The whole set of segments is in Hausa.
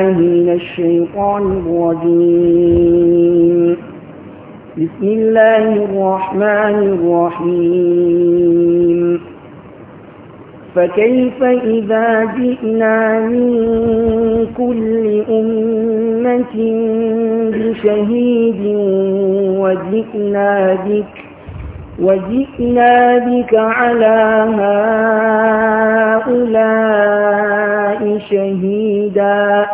من الشيطان الرجيم بسم الله الرحمن الرحيم فكيف إذا جئنا من كل أمة بشهيد وجئنا بك وجئنا بك على هؤلاء شهيداً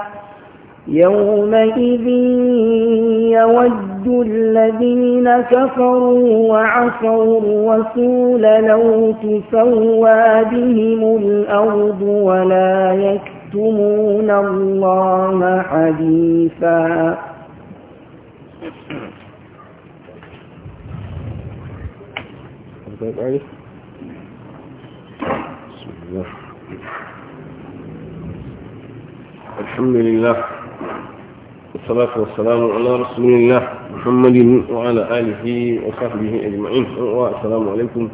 يومئذ يود الذين كفروا وعصوا الرسول لو تسوى بهم الأرض ولا يكتمون الله حديثا الحمد لله والصلاة والسلام على رسول الله محمد وعلى آله وصحبه أجمعين والسلام عليكم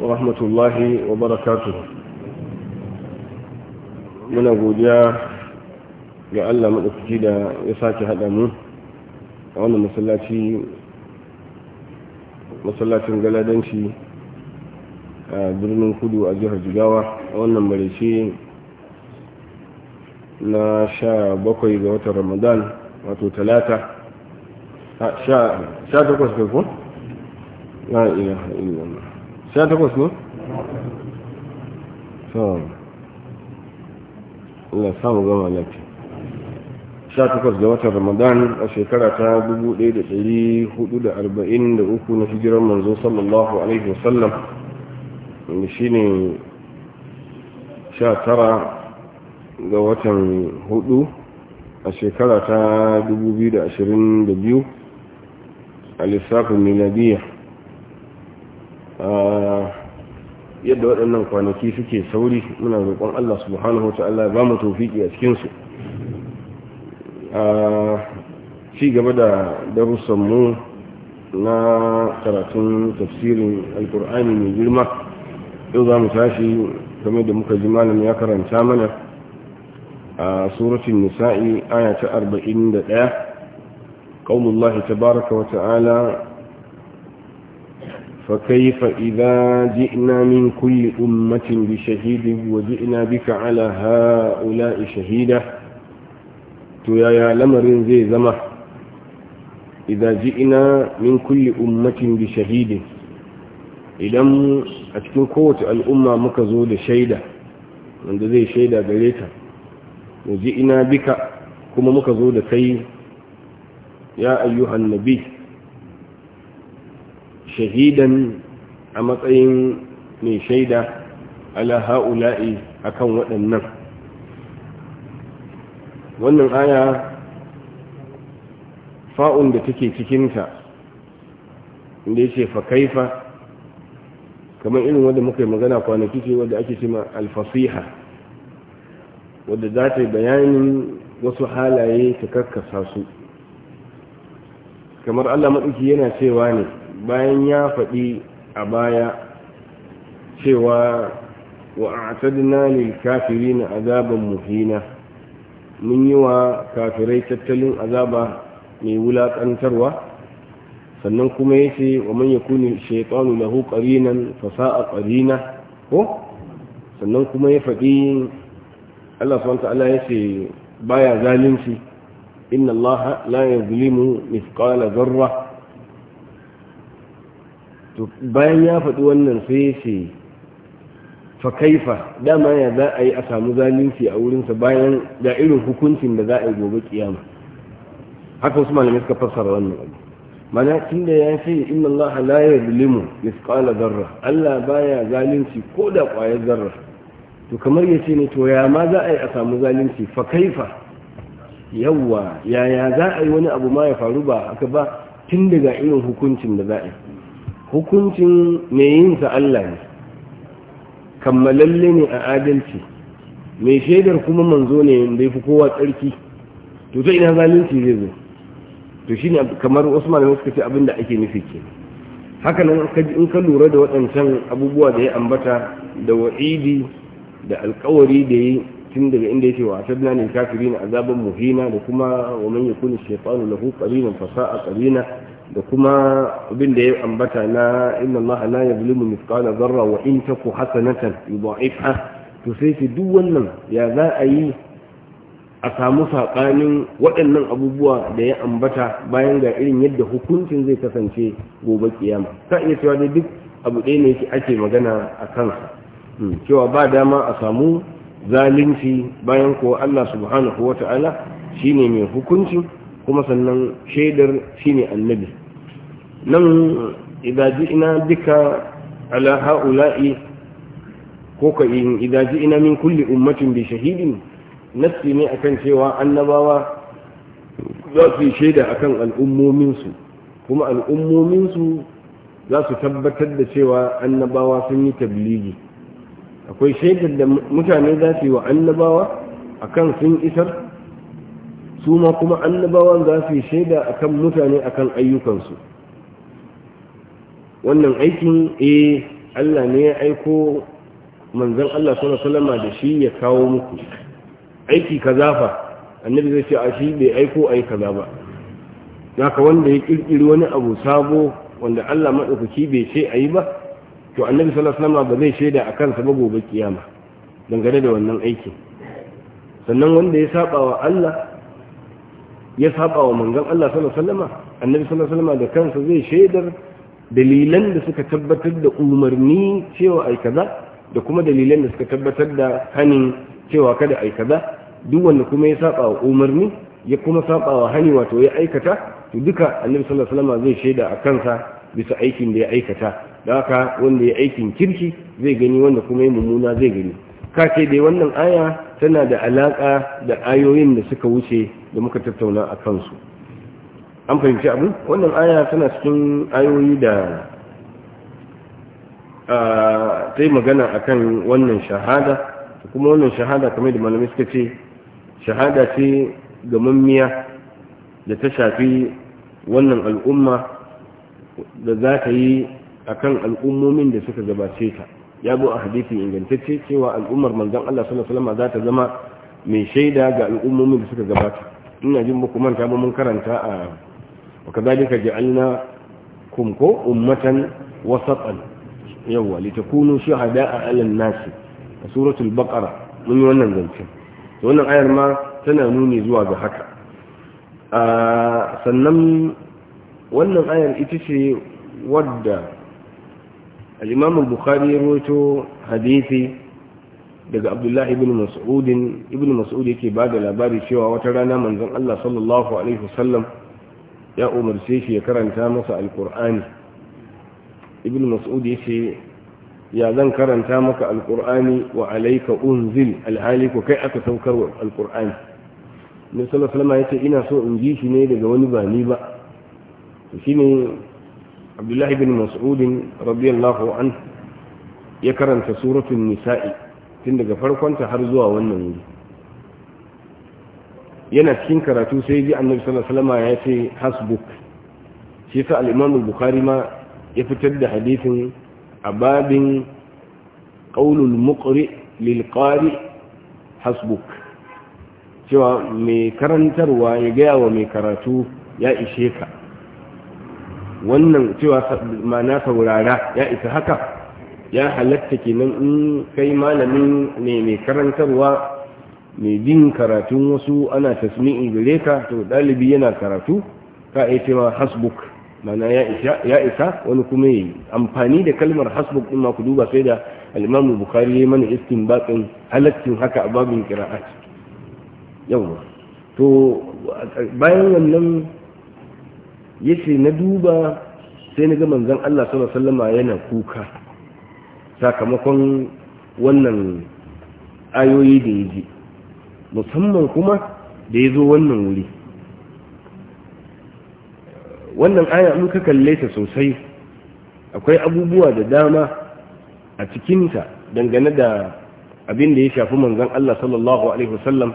ورحمة الله وبركاته godiya ga Allah maɗaukaki da ya sake haɗa mu a galadanci a birnin kudu a jihar jigawa a wannan na sha bakwai ga watan ramadan wato talata sha takwas ne ko? na iya haɗin wannan sha takwas ne? na samu gama lafi sha takwas ga watan ramadan a shekara ta 1443 na hijirar manzo sallallahu alaihi wasallam wanda shi ne sha tara ga watan hudu a shekara ta 2022 a lissafin miladiya yadda waɗannan kwanaki suke sauri muna roƙon Allah subhanahu wa ta'ala ba mu tofiki a cikinsu a ci gaba da darussanmu na karatun tafsirin alkur'ani mai girma yau za mu tashi game da muka ji malam ya karanta mana a suratun nisa'i ayata 41 ƙaunullahi tabaraka wata'ala fa kaifa idza ji'na min kulli ummatin bi shahidin wa ji'na bika ala ha'ula'i shahida to yaya lamarin zai zama idza ji'na min kulli ummatin bi shahidin idan a cikin kowace al'umma muka zo da shaida wanda zai shaida gare ta وجئنا بك كما مكزو لكي يا أيها النبي شهيدا أمطين من شيدة على هؤلاء أكون waɗannan. wannan aya fa'un da take cikinta inda ya ce fa kaifa kamar irin wanda muka yi magana kwanaki ce wanda ake cima alfasiha wadda za ta yi bayanin wasu halaye ta karkasa su kamar allah maɗauki yana cewa ne bayan ya faɗi a baya cewa wa'atadna kafiri kafirin azaban muhina mun yi wa kafirai tattalin azaba mai wulaƙantarwa sannan kuma ya ce wa man yakuni shaytanu lahu ƙarinan fa sa'a ko sannan kuma ya faɗi Allah subhanahu ta'ala yace baya zalunci inna Allah la yuzlimu mithqala dharra to bayan ya faɗi wannan sai yace fa kaifa dama ya za a yi a samu zalunci a wurinsa bayan da irin hukuncin da za a yi gobe kiyama haka wasu malamai suka fassara wannan abu mana da ya ce inna Allah la yuzlimu mithqala dharra Allah baya zalunci ko da ƙwayar zarra to kamar yace ce ne to ya ma za a yi a samu zalunci fa kaifa yawwa yaya za a yi wani abu ma ya faru ba aka ba tun daga irin hukuncin da za a yi hukuncin mai yin sa Allah ne kammalalle ne a adalci mai shaidar kuma manzo ne bai fi kowa tsarki to ta ina zalunci zai zo to shine kamar Usman ne suka ce abinda da ake nufi ke. haka nan in ka lura da waɗancan abubuwa da ya ambata da wa'idi da alkawari da yi tun daga inda yake wa ne kafiri na azaban muhina da kuma wa man kuni shaytanu lahu qarinan fasa a da kuma abin da ya ambata na inna Allah la yuzlimu mithqala zarra wa in taku hasanatan yudha'ifha to sai ki duk wannan ya za a yi a samu saɓanin waɗannan abubuwa da ya ambata bayan ga irin yadda hukuncin zai kasance gobe kiyama ka iya cewa duk abu ɗaya ne ake magana a kansa cewa ba dama a samu zalunci bayan ko Allah subhanahu shi ne mai hukunci kuma sannan shaidar shi ne annabi nan idaji ina duka ala haula'i ko ka yi idaji ina min kulli ummatin bi shahidin nassi ne akan cewa annabawa za su yi shaida akan al'ummominsu kuma al'ummominsu za su tabbatar da cewa annabawa sun yi tabligi akwai shaidar da mutane za su yi wa annabawa a kan sun isar su ma kuma annabawan za su yi shaida a kan mutane a kan ayyukansu wannan aikin e Allah ne ya aiko manzan Allah suna salama da shi ya kawo muku aiki ka zafa, annabi zai ce a shi bai aiko ai kaza ba ka wanda ya kirkiri wani abu sabo wanda Allah maɗaukaki bai ce a yi ba to annabi sallallahu alaihi wasallam ba zai shaida akan sa ba gobe kiyama dangane da wannan aikin sannan wanda ya saba wa Allah ya saba wa manzon Allah sallallahu alaihi wasallam annabi sallallahu alaihi wasallam da kansa zai shaidar dalilan da suka tabbatar da umarni cewa ai kaza da kuma dalilan da suka tabbatar da hanin cewa kada ai kaza duk wanda kuma ya saba wa umarni ya kuma saba wa hani wato ya aikata to duka annabi sallallahu alaihi wasallam zai shaida a kansa bisa aikin da ya aikata da haka wanda ya aikin kirki zai gani wanda kuma ya mummuna zai gani ka dai wannan aya tana da alaƙa da ayoyin da suka wuce da muka tattauna a kansu an fahimci abu wannan aya tana cikin ayoyi da ta yi magana akan wannan shahada kuma wannan shahada kamar da malamai suka ce shahada ce ga mummiya da ta shafi wannan al'umma da za ta yi akan al'ummomin da suka gabace ta ya zo a hadisi ingantacce cewa al'ummar manzon Allah sallallahu alaihi wasallam za ta zama mai shaida ga al'ummomin da suka gabata ina jin muku manta mun karanta a wa kadalika ja'alna kum ko ummatan wasatan yawa litakunu shuhada'a 'alan nas suratul baqara mun yi wannan zancen wannan ayar ma tana nuni zuwa ga haka sannan wannan ayar ita ce wadda al-imam al-bukhari ya daga abdullahi ibn mas'ud ibn mas'ud yake ba da labari cewa wata rana manzon Allah sallallahu alaihi wasallam ya umarce shi ya karanta masa alqur'ani ibn mas'ud yace ya zan karanta maka alqur'ani wa alayka unzil alhaliku kai aka saukar alqur'ani ne sallallahu alaihi wasallam yace ina so in ji shi ne daga wani ba ni ba shine abdullahi bin mas'udin radiyallahu an ya karanta suratun nisa'i tun daga farkonta har zuwa wannan wuri yana cikin karatu sai ji annabi sallallahu alaihi wasallam ya ce hasbuk shi yasa al-imam al ma ya fitar da hadisin a babin qaulul muqri lil qari hasbuk cewa mai karantarwa ya gaya wa mai karatu ya ishe ka wannan cewa ma'ana saurara ya isa haka ya halatta kenan in kai malamin ne mai karantarwa mai bin karatun wasu ana tasmi'in gare ka to dalibi yana karatu ka iya cewa hasbuk mana ya isa wani kuma yi amfani da kalmar hasbuk din ma duba sai da alimamu bukari ya ya mana iskin bakin halaccin haka a babin kiraat yau to bayan wannan yace na duba sai na ga manzon Allah sallallahu alaihi wasallama yana kuka sakamakon wannan ayoyi da yaji musamman kuma da ya zo wannan wuri wannan aya in ka kalle ta sosai akwai abubuwa da dama a cikinta dangane da abin da ya shafi manzon Allah sallallahu alaihi wasallam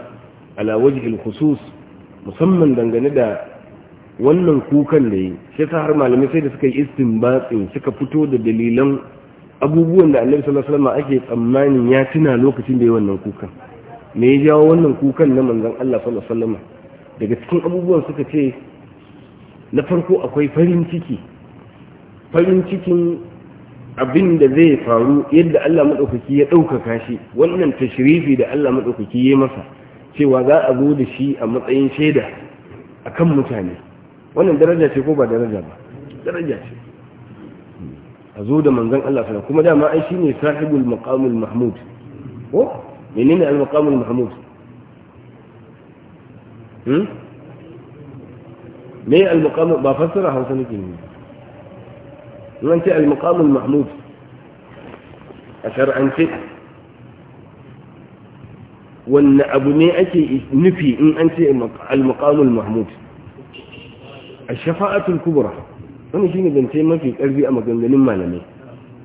ala wajhi al-khusus musamman dangane da wannan kukan da yi shi ta har malamai sai da suka yi batsin suka fito da dalilan abubuwan da annabi sallallahu alaihi wasallam ake tsammanin ya tuna lokacin da ya wannan kukan me ya jawo wannan kukan na manzon Allah sallallahu alaihi daga cikin abubuwan suka ce na farko akwai farin ciki farin cikin abin da zai faru yadda Allah maɗaukaki ya ɗaukaka shi wannan tashrifi da Allah maɗaukaki ya yi masa cewa za a zo da shi a matsayin shaida akan mutane wannan daraja ce ko ba daraja ba daraja ce a zo da manzon Allah sallallahu kuma dama ai shine sahibul maqamul mahmud ko menene al maqamul mahmud hmm me al maqam ba fassara hausa nake ne an ce al maqamul mahmud a shar'ance wanne abu ne ake nufi in an ce al maqamul mahmud a shafa'atul kubra wani shine zance mafi karfi a maganganun malamai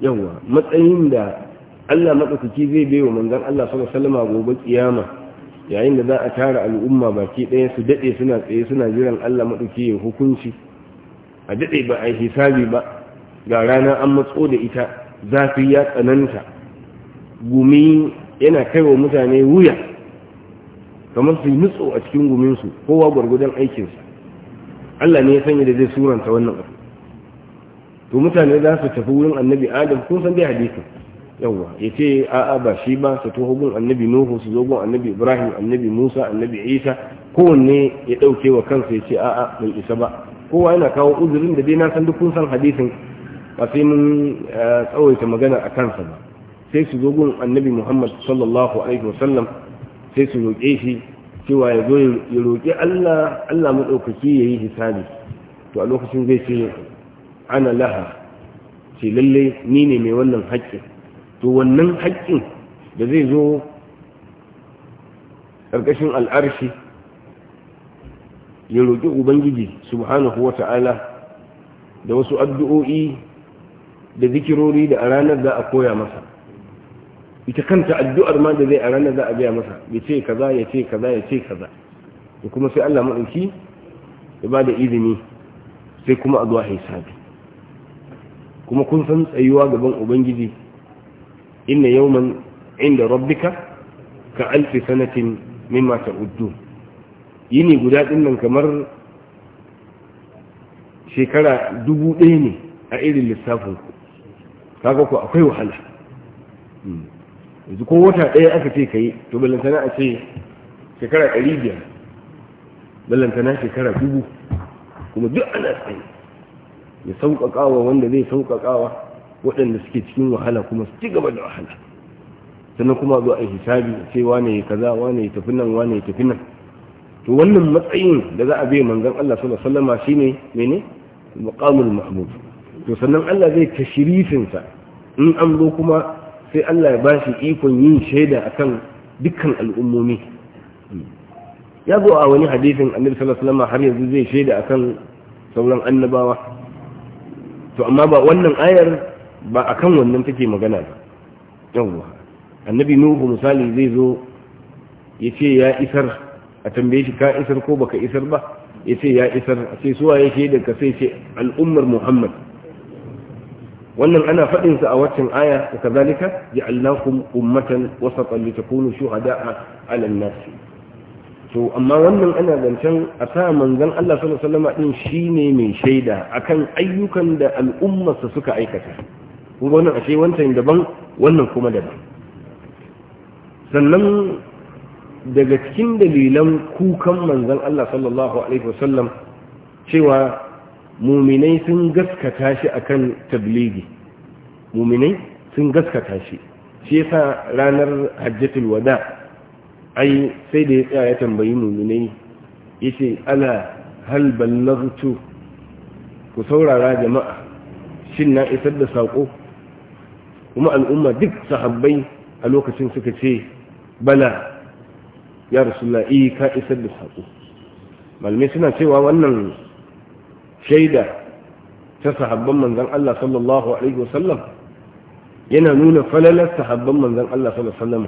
yawa matsayin da Allah madaukaki zai bai wa manzan Allah saba alaihi gobe kiyama yayin da za a tara al'umma baki ɗaya su daɗe suna tsaye suna jiran Allah maɗauki ya hukunci a daɗe ba a yi hisabi ba ga rana an matso da ita zafi ya tsananta gumi yana kai wa mutane wuya kamar su yi nutso a cikin guminsu kowa gwargudan aikinsa Allah ne ya sanya da zai suranta wannan abu to mutane za su tafi wurin annabi adam kun san dai hadisi yawa ya ce a'a ba shi ba su taho gun annabi nuhu su zo gun annabi ibrahim annabi musa annabi isa kowanne ya ɗauke wa kansa ya ce a'a bai isa ba kowa yana kawo uzurin da dai na san duk kun san hadisin ba sai mun eh, tsawaita magana a kansa ba sai su zo gun annabi muhammad sallallahu alaihi wasallam sai su roƙe shi cewa ya zo ya roƙi Allah Allah maɗaukaki ya yi hisabi to a lokacin zai ce ana laha ce lalle ni ne mai wannan haƙƙin to wannan haƙƙin da zai zo ƙarƙashin al'arshi ya roƙi ubangiji subhanahu wa ta'ala da wasu addu'o'i da zikirori da a ranar za a koya masa ita kanta addu'ar ma da zai a ranar za a biya masa ya ce kaza ya ce kaza ya ce kaza da kuma sai Allah maɗauki ya ba da izini sai kuma a hisabi kuma kun san tsayuwa gaban ubangiji inna yawman inda rabbika ka alfi sanatin mimma uddu yini guda din kamar shekara dubu ɗaya ne a irin lissafin ku kaga ku akwai wahala hmm. yanzu ko wata ɗaya aka ce ka yi to ballantana a ce shekara ɗari biyar ballantana shekara dubu kuma duk ana tsaye ya sauƙaƙawa wanda zai sauƙaƙawa waɗanda suke cikin wahala kuma su ci gaba da wahala sannan kuma zuwa a hisabi a ce wane ya kaza wane ya tafi nan wane ya tafi nan to wannan matsayin da za a bai manzon Allah sallallahu alaihi wasallam shine mene maqamul mahmud to sannan Allah zai tashrifin sa in an zo kuma sai Allah ya bashi ikon yin shaida akan dukkan al'ummomi ya zo a wani hadisin annabi sallallahu alaihi wasallam har yanzu zai shaida akan sauran annabawa to amma ba wannan ayar ba akan wannan take magana ba yawwa annabi nuhu misali zai zo ya ce ya isar a tambaye shi ka isar ko baka isar ba ya ce ya isar sai suwa ya shaida ka sai ce al'ummar muhammad wannan ana faɗinsa a waccan aya da kazalika ja'alnakum ummatan wasatan litakunu shuhada'a a an-nas to amma wannan ana zancen a sa manzan Allah sallallahu alaihi wasallam din shine mai shaida akan ayyukan da al'ummarsa suka aikata kun wannan ashe wancan daban wannan kuma daban sannan daga cikin dalilan kukan manzan Allah sallallahu alaihi wasallam cewa muminai sun gaskata shi a kan tabligi muminai sun gaskata shi shi yasa ranar hajjatul wada ai sai da ya tsaya ya tambayi muminai yace ala hal ballaghtu ku saurara jama'a shin na isar da sako kuma al'umma duk sahabbai a lokacin suka ce bala ya rasu eh, ka isar da sako malamai suna cewa wannan shaida ta sahabban manzan Allah sallallahu alaihi wasallam yana nuna falalar sahabban manzan Allah sallallahu alaihi wasallam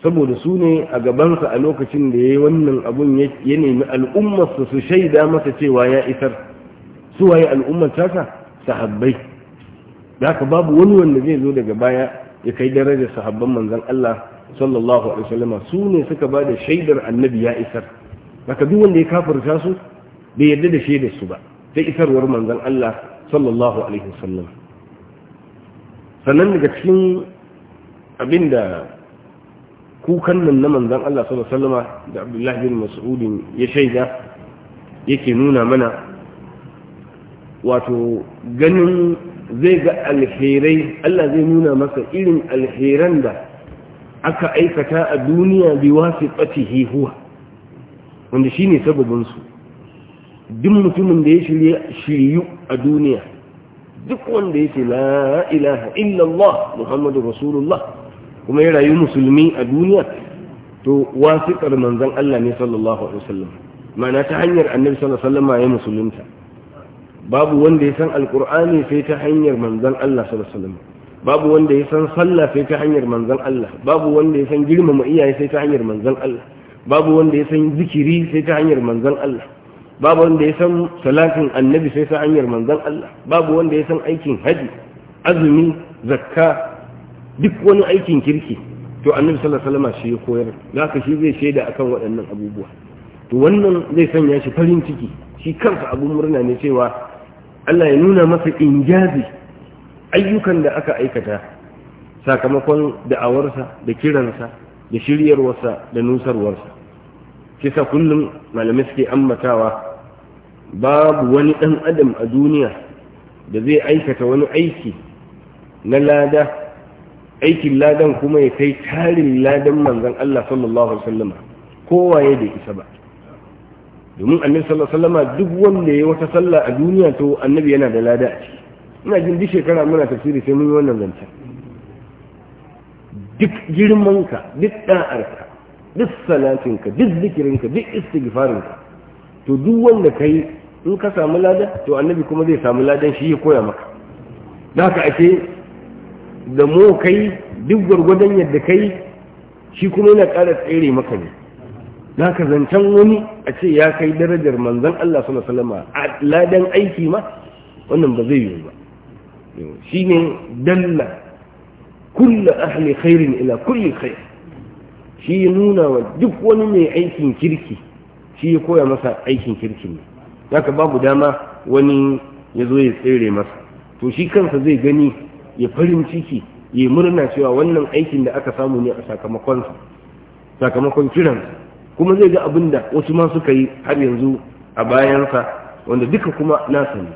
saboda su ne a gabansa a lokacin da ya yi wannan abun ya nemi al'ummarsa su shaida masa cewa ya isar su waye al'ummar tasa sahabbai da haka babu wani wanda zai zo daga baya ya kai darajar sahabban manzan Allah sallallahu alaihi wasallam su ne suka ba da shaidar annabi ya isar haka duk wanda ya kafirta su bai yarda da shaidar su ba ta isarwar manzan Allah sallallahu alaihi wasallam sannan daga cikin abinda kukan nan na manzan Allah sallallahu da Abdullahi bin Mas'udin ya shaida yake nuna mana wato ganin zai ga alherai Allah zai nuna masa irin alheran da aka aikata a duniya bi wasifatihi huwa wanda shine ne su duk mutumin da ya shirya shiryu a duniya duk wanda ya ce la ilaha illallah muhammadu rasulullah kuma ya rayu musulmi a duniya to wasiƙar manzan Allah ne sallallahu alaihi wasallam mana ta hanyar annabi sallallahu alaihi wasallam ya musulunta babu wanda ya san alqur'ani sai ta hanyar manzan Allah sallallahu alaihi wasallam babu wanda ya san sallah sai ta hanyar manzan Allah babu wanda ya san girmama iyaye sai ta hanyar manzan Allah babu wanda ya san zikiri sai ta hanyar manzan Allah babu wanda ya san salatin annabi sai sa hanyar manzon Allah babu wanda ya san aikin haji azumi zakka duk wani aikin kirki to annabi sallallahu alaihi wasallam shi ya koyar zaka shi zai shaida akan waɗannan abubuwa to wannan zai sanya shi farin ciki shi kansa abun murna ne cewa Allah ya nuna masa injazi ayyukan da aka aikata sakamakon da'awarsa da kiransa da shiryarwarsa da nusarwarsa kisa kullum malamai suke ammatawa babu wani ɗan adam a duniya da zai aikata wani aiki na lada aikin ladan kuma ya kai tarin ladan manzan Allah sallallahu alaihi wasallama kowa ya da isa ba domin annabi sallallahu alaihi wasallama duk wanda ya wata sallah a duniya to annabi yana da lada a ciki ina jin duk shekara muna tafsiri sai mun yi wannan zance duk girmanka duk ɗan'arka duk salatinka duk zikirinka duk istighfarinka to duk wanda kai in ka samu lada, to annabi kuma zai samu ladan shi ya koya maka da haka ake da mu kai duk gurgudan yadda kai shi kuma yana ƙara tsere maka ne da haka zancen wani a ce ya kai darajar manzon Allah sallallahu alaihi wasallam a ladan aiki ma wannan ba zai yiwu ba shine dalla kullu ahli khairin ila kulli khair shi nuna wa duk wani mai aikin kirki shi ya koya masa aikin kirkin ne ka babu dama wani ya zo ya tsere masa to shi kansa zai gani ya farin ciki ya murna cewa wannan aikin da aka samu ne a sakamakon sakamakon kiran kuma zai ga abin da wasu ma suka yi har yanzu a bayansa wanda duka kuma nasa ne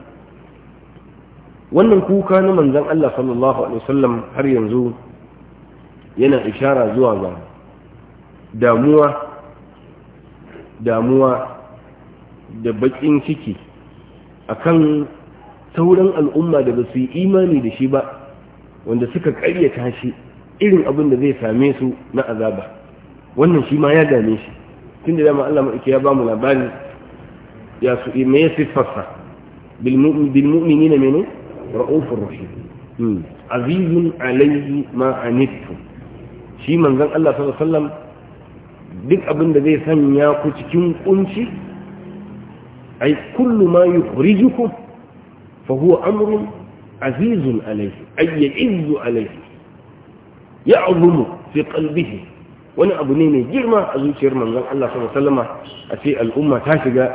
wannan kuka na manzan Allah sallallahu alaihi wasallam har yanzu yana ishara zuwa ga damuwa damuwa da bakin ciki akan sauran al'umma da ba su yi imani da shi ba wanda suka karyata shi irin abin da zai same su na azaba wannan shi ma ya dame shi tun da dama Allah maɗauki ya ba mu labari ya su me ya siffarsa bilmumini na mene ra'ufin rufi hmm. azizun alayhi ma shi manzan Allah sallallahu duk abin da zai sanya ku cikin kunci ai kullu ma yukhrijukum fa huwa amrun azizun alayhi ay ya'izzu alayhi ya'zumu fi qalbihi wani abu ne mai girma a zuciyar manzon Allah sallallahu alaihi wasallam a ce al'umma ta shiga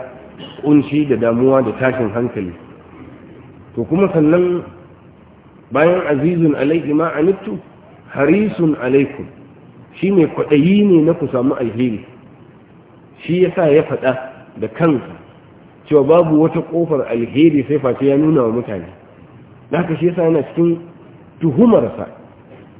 kunci da damuwa da tashin hankali to kuma sannan bayan azizun alayhi ma anittu harisun alaikum Shi ne kwaɗayi ne na ku samu alheri shi ya sa ya faɗa da kansa cewa babu wata ƙofar alheri sai face ya nuna wa mutane haka shi yasa yana cikin tuhumarsa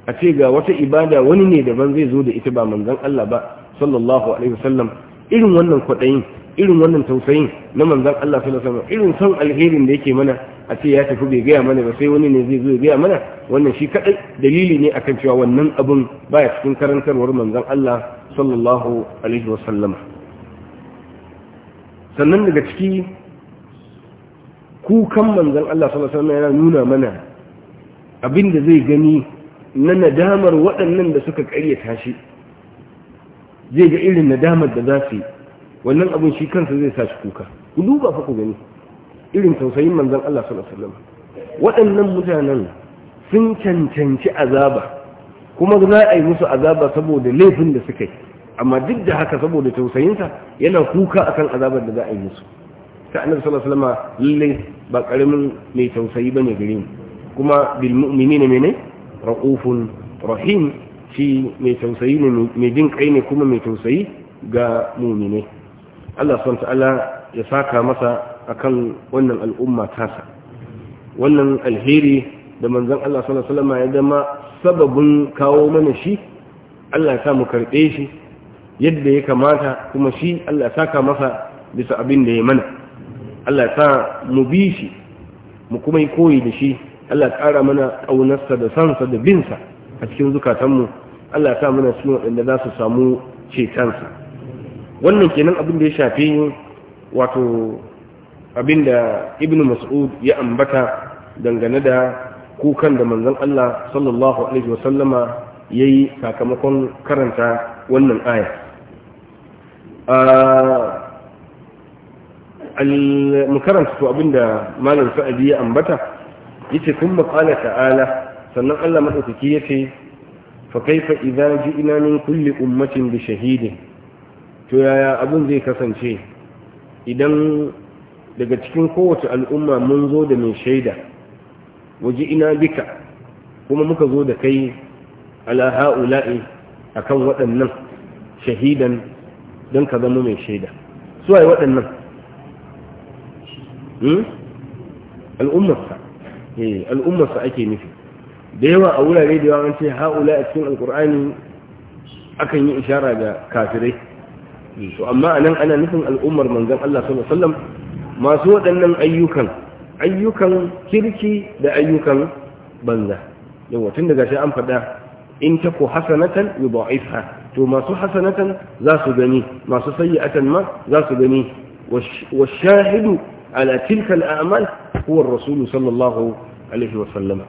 a ce ga wata ibada wani ne daban zai zo da ita ba manzon Allah ba sallallahu alaihi wasallam irin wannan kwaɗayin irin wannan tausayin na manzan Allah su irin son alherin da yake mana a ce ya tafi bai gaya mana ba sai wani ne zai zo gaya mana wannan shi kadai dalili ne akan cewa wannan abun baya cikin karantarwar manzan Allah sallallahu alaihi wasallam sannan daga ciki kukan manzan Allah sallallahu alaihi wasallam yana nuna mana abin da zai gani na nadamar waɗannan da suka ƙaryata shi zai ga irin nadamar da za su yi wannan abin shi kansa zai sa shi kuka ku duba fa ku gani irin tausayin manzon Allah sallallahu alaihi wasallam waɗannan mutanen sun cancanci azaba kuma za a yi musu azaba saboda laifin da suka yi amma duk da haka saboda tausayinsa yana kuka akan azabar da za a yi musu ta annabi sallallahu alaihi wasallam lalle ba karamin mai tausayi bane gare mu kuma bil mu'minina mene raufun rahim shi mai tausayi ne mai jin kai ne kuma mai tausayi ga muminai Allah subhanahu ta'ala ya saka masa akan wannan al'umma tasa wannan alheri da manzon Allah sallallahu alaihi ya zama sababin kawo mana shi Allah ya sa mu shi yadda ya kamata kuma shi Allah ya saka masa bisa abin da ya mana Allah ya sa mu bi shi mu kuma yi koyi da shi Allah ya ƙara mana ƙaunarsa da sansa da binsa a cikin zukatanmu Allah ya sa mana cikin waɗanda za su samu cetonsa wannan kenan abin da ya shafi wato abin da ibn mas'ud ya ambata dangane da kukan da manzon Allah sallallahu alaihi wasallama yayi sakamakon karanta wannan aya al-mukaranta to abinda malam sa'adi ya ambata yace kun maqala ta'ala sannan Allah madaukaki yace fa kaifa idza ji'na min kulli ummatin bi shahidin to yaya abin zai kasance idan daga cikin kowace al'umma mun zo da mai shaida waje ina bika kuma muka zo da kai ala ha'ula'i kan waɗannan shahidan don ka zama mai shaida su waye waɗannan hmm? al'ummarsa eh, al'ummarsa ake nufi da yawa a wurare da yawa an ce ha'ula'i cikin alkur'ani akan yi ishara ga kafirai to amma anan ana nufin al'ummar manzon Allah sallallahu alaihi wasallam masu waɗannan ayyukan ayyukan kirki da ayyukan banza yawa tun daga shi an faɗa in taku hasanatan yudha'ifha to masu hasanatan za su gani masu sayyi'atan ma za su gani wa shahidu ala tilka al'amal huwa ar-rasul sallallahu alaihi wasallam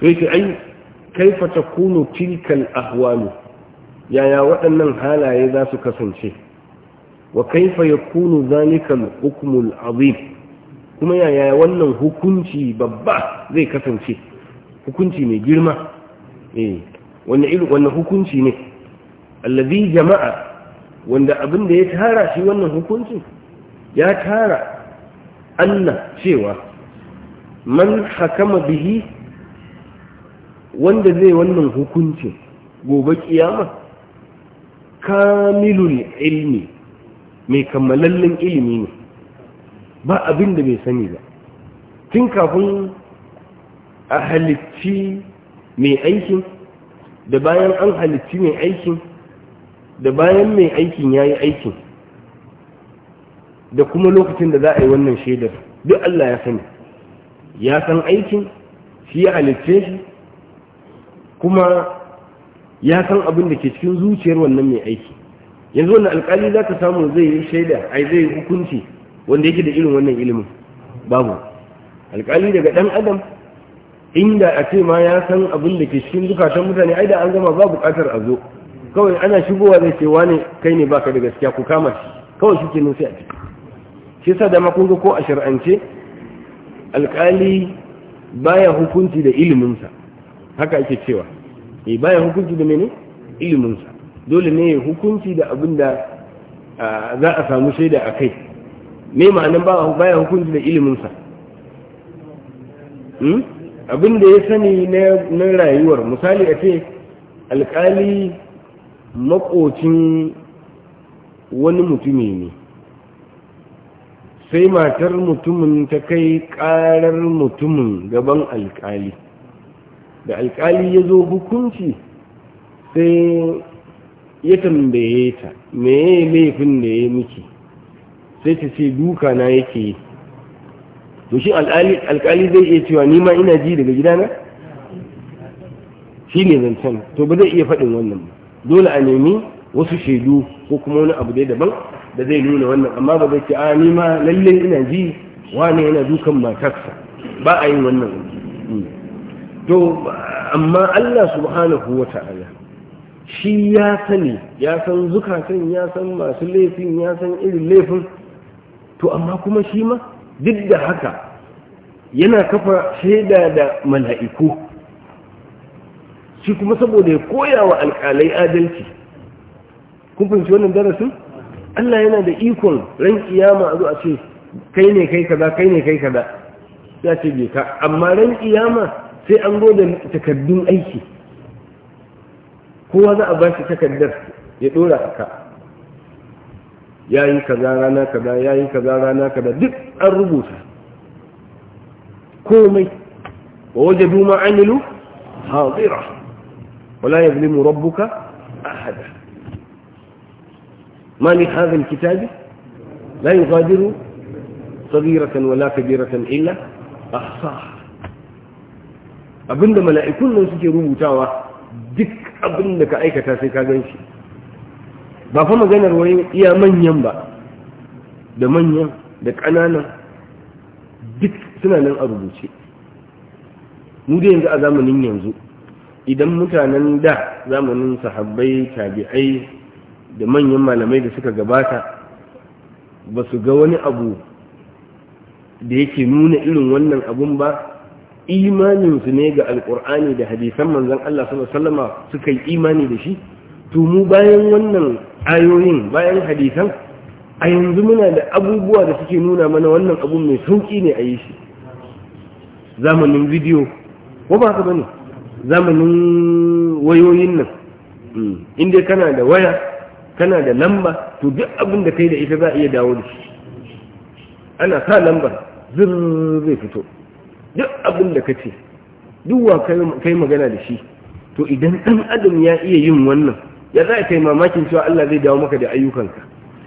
to yake ai kaifa takunu tilka al-ahwalu yaya waɗannan halaye za su kasance wa kaifa ya zalika zalikan hukumul azim kuma yaya wannan hukunci babba zai kasance hukunci mai girma wannan ilu wannan hukunci ne allazi jama'a wanda abin da ya tara shi wannan hukuncin ya tara Allah cewa man hakama bihi wanda zai wannan hukuncin gobe kiyama kamilul ilmi mai kammalallin ilimi ne ba abin da bai sani ba tun kafin a halitti mai aikin da bayan an halitti mai aikin da bayan mai aikin ya yi aikin da kuma lokacin da za a yi wannan shaidar duk Allah ya sani ya san aikin shi ya halitce shi kuma ya san abin da ke cikin zuciyar wannan mai aiki yanzu wannan alkali za ka samu zai yi shaida ai zai hukunci wanda yake da irin wannan ilimin babu alkali daga dan adam inda a ce ma ya san abin da ke cikin zukatan mutane ai da an gama ba bukatar a zo kawai ana shigowa zai ce wane kai ne baka da gaskiya ku kama shi kawai shi ke sai a ciki shi yasa dama kun ga ko a shar'ance alkali baya hukunci da iliminsa haka ake cewa e eh, bayan hukunci da mene iliminsa dole ne ya hukunci da abin da za a samu shaida a kai ne ma'anin bayan baya hukunci da iliminsa hmm? abin da ya sani na rayuwar misali a ce alkali makocin wani mutumi ne sai matar mutumin ta kai karar mutumin gaban alkali da alkali ya zo hukunci sai ya tambaye ta me ya yi laifin da ya miki sai ta ce duka na yake yi to shi alkali zai iya cewa ni ma ina ji daga gidana shi ne zancen to ba zai iya faɗin wannan ba dole a nemi wasu shaidu ko kuma wani abu dai daban da zai nuna wannan amma ba zai ce a ni ma ina ji wane yana dukan matarsa ba a yin wannan to amma Allah subhanahu wa ta'ala shi ya sani ya san zukatan ya san masu laifin ya san irin laifin to amma kuma shi ma duk da haka yana kafa shaida da mala'iku shi kuma saboda ya koya wa alƙalai adalci kun fahimci wannan darasin Allah yana da ikon ran kiyama a zo a ce kai ne kai kaza kai ne kai kaza ya ce bai ka amma ran kiyama sai an zo da takaddun aiki kowa za a ba shi takaddar ya dora haka ya yi kaza rana kaza ya yi kaza rana kaza duk an rubuta komai wa waje duma amilu hazira wala ya zlimu rabbuka hada ma ne hazin kitabi la yi yughadiru wala kabiratan illa a sa'a abinda mala'ikun nan suke rubutawa duk abin da ka aikata sai ka gan shi ba fa maganar wani iya manyan ba da manyan da ƙananan duk suna nan a rubuce mu da yanzu a zamanin yanzu idan mutanen da zamanin sahabbai tabi'ai da manyan malamai da suka gabata ba su ga wani abu da yake nuna irin wannan abun ba imaninsu ne ga Alƙur'ani da hadisan manzon Allah sallallahu suka yi imani da shi to mu bayan wannan ayoyin bayan hadisan a yanzu muna da abubuwa da suke nuna mana wannan abu mai sauki ne a yi shi zamanin bidiyo ko ba ka bane zamanin wayoyin nan hmm. inda kana da waya kana da lamba to duk abin da kai da ita za a iya dawo da shi ana sa lambar zai fito duk abin da ka ce duwa kai magana da shi to idan ɗan adam ya iya yin wannan ya za ka yi mamakin cewa Allah zai dawo maka da ayyukanka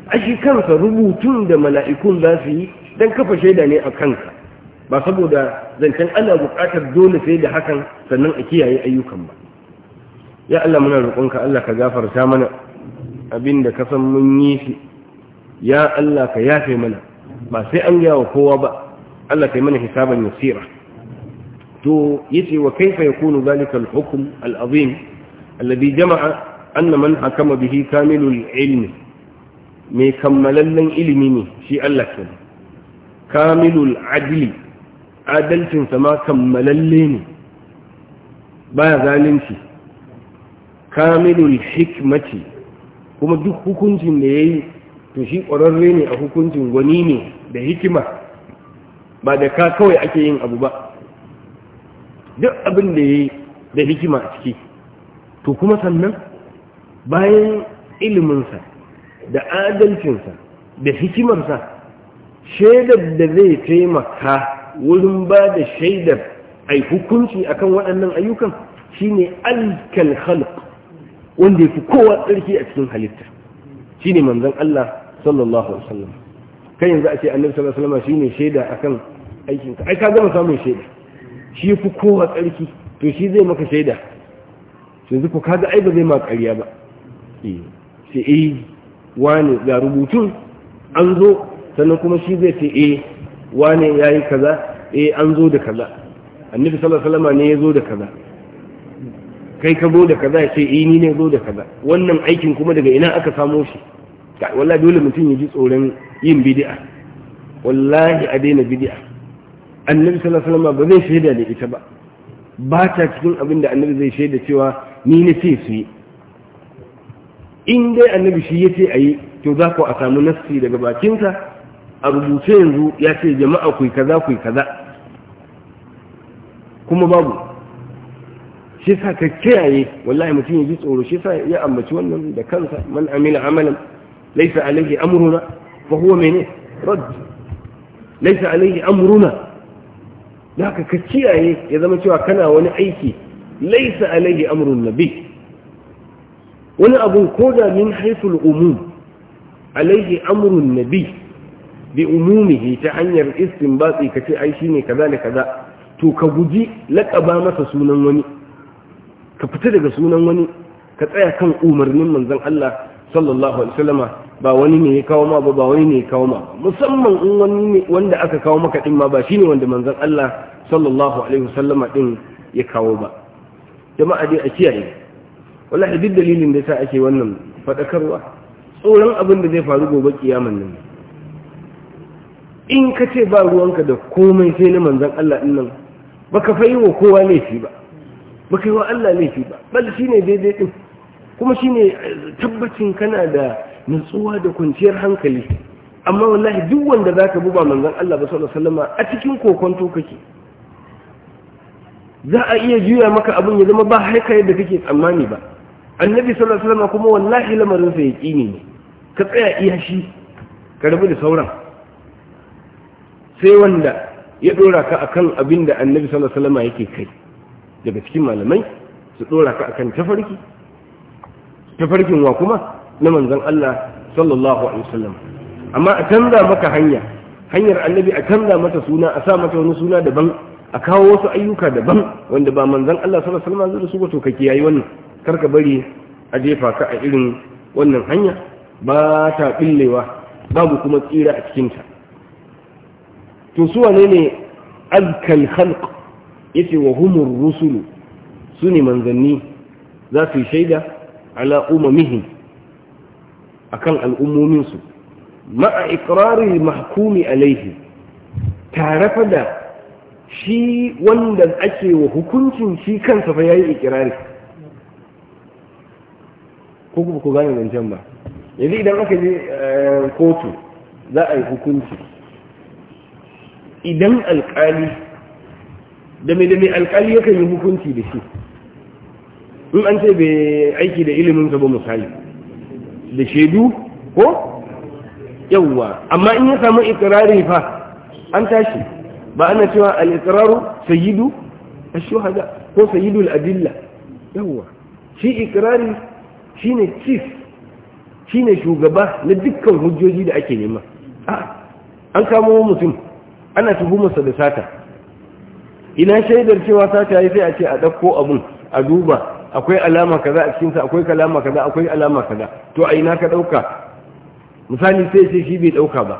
a shi kansa rubutun da mala'ikun za su yi don kafa shaida ne a kanka ba saboda zancen ana buƙatar dole sai da hakan sannan a kiyaye ayyukan ba ya Allah muna roƙonka Allah ka gafarta mana abin da ka san mun yi shi ya Allah ka yafe mana ba sai an gaya wa kowa ba Allah ka yi mana hisaban yasira to yace wa kaifa yakunu zalika al-hukm al-azim alladhi jama'a anna hakama bihi kamilul ilmi mai kammalallen ilimi ne shi Allah kenan kamilul adli adalcin sama kammalalle ne baya zalunci kamilul hikmati kuma duk hukuncin da yayi to shi ƙwararre ne a hukuncin gwani ne da hikima ba da kawai ake yin abu ba duk abin da ya da hikima a ciki to kuma sannan bayan iliminsa da adalcinsa da hikimarsa shaidar da zai taimaka wurin ba da shaidar a hukunci akan waɗannan ayyukan shine alkal khalq wanda fi kowa tsarki a cikin halitta shine manzon Allah sallallahu alaihi wasallam kai yanzu a ce annabi sallallahu alaihi wasallam shine shaida akan aikinka ai ka gama samun shaida shi fi kowa tsarki to shi zai maka shaida yanzu ku kaga ai ba zai maka ƙarya ba eh, sai eh wane ga rubutun an zo sannan kuma shi zai ce eh wane yi kaza eh an zo da kaza annabi sallallahu alaihi salama ne ya zo da kaza kai ka zo da kaza ya ce eh ni ne zo da kaza wannan aikin kuma daga ina aka samo shi wallahi dole mutum ya ji tsoron yin bid'a wallahi a daina bid'a annabi sallallahu alaihi wasallam ba zai shaida da ita ba ba ta cikin abin da annabi zai shaida cewa ni na ce su yi in dai annabi shi ya ce a yi to za ku a samu nassi daga bakinsa a rubuce yanzu ya ce jama'a ku kaza ku kaza kuma babu shi sa ka kiyaye wallahi mutum ya ji tsoro shi sa ya ambaci wannan da kansa man amila amalan laysa alaihi amruna fa huwa mene rad laysa alaihi amruna Daka haka ka kiyaye ya zama cewa kana wani aiki laisa alaihi amrun nabi wani abun koda min haiful umum alaihi amrun nabi bi umumihi ta hanyar istinbatsi ka ce ai shine kaza da kaza to ka guji laƙaba masa sunan wani ka fita daga sunan wani ka tsaya kan umarnin manzon Allah sallallahu alaihi wasallama ba wani ne ya kawo ma ba ba wani ne ya kawo ma musamman in wani wanda aka kawo maka din ma ba shine wanda manzon Allah sallallahu alaihi wasallama din ya kawo ba jama'a dai a kiyaye wallahi duk dalilin da yasa ake wannan fadakarwa tsoron abin da zai faru gobe kiyaman nan in ka ce ba ruwanka da komai sai na manzon Allah din nan baka fayi wa kowa laifi ba baka yi wa Allah laifi ba bal shine daidai din kuma shine eh, tabbacin kana da nutsuwa da kwanciyar hankali amma wallahi duk wanda za ka buba manzan Allah ba sallallahu alaihi a cikin kokonto kake za a iya juya maka abin ya zama ba haika yadda kake tsammani ba annabi sallallahu alaihi kuma wallahi lamarin sa yaqini ne ka tsaya iya shi ka rabu da sauran sai wanda ya dora ka akan abin da annabi sallallahu alaihi yake kai daga cikin malamai su dora ka akan tafarki tafarkin wa kuma na manzan Allah sallallahu alaihi wasallam amma a canza maka hanya hanyar annabi a canza mata suna a sa mata wani suna daban a kawo wasu ayyuka daban wanda ba manzan Allah sallallahu alaihi wasallam zai su ba to ka wannan karka bari a jefa ka a irin wannan hanya ba ta billewa babu kuma tsira a cikin ta to su wane ne azkal khalq yace wa humur rusulu sune manzanni za su yi shaida ala umamihim akan al'ummominsu ma'a ikrarin mahkumi alaihi tare fa da shi wanda ake wa hukuncin shi kansa fa yayi ikirari ko kuma ku gane zancen ba yanzu idan aka je eh, kotu za a yi hukunci idan alkali da mai da mai alkali yakan yi hukunci da shi in an ce bai aiki da ilimin sa ba misali da shaidu ko yawwa amma in ya samu ikirari fa an tashi ba ana cewa al-iqraru sayyidu ash-shuhada ko sayyidu al-adilla yawwa shi ikirari shine chief shine shugaba na dukkan hujjoji da ake nema an kamo mutum ana tuhumarsa da sata ina shaidar cewa sata ya sai a ce a ɗauko abun a duba akwai alama kaza a cikinsa akwai kalama kaza akwai alama kaza to a ina ka ɗauka misali sai ce shi bai ɗauka ba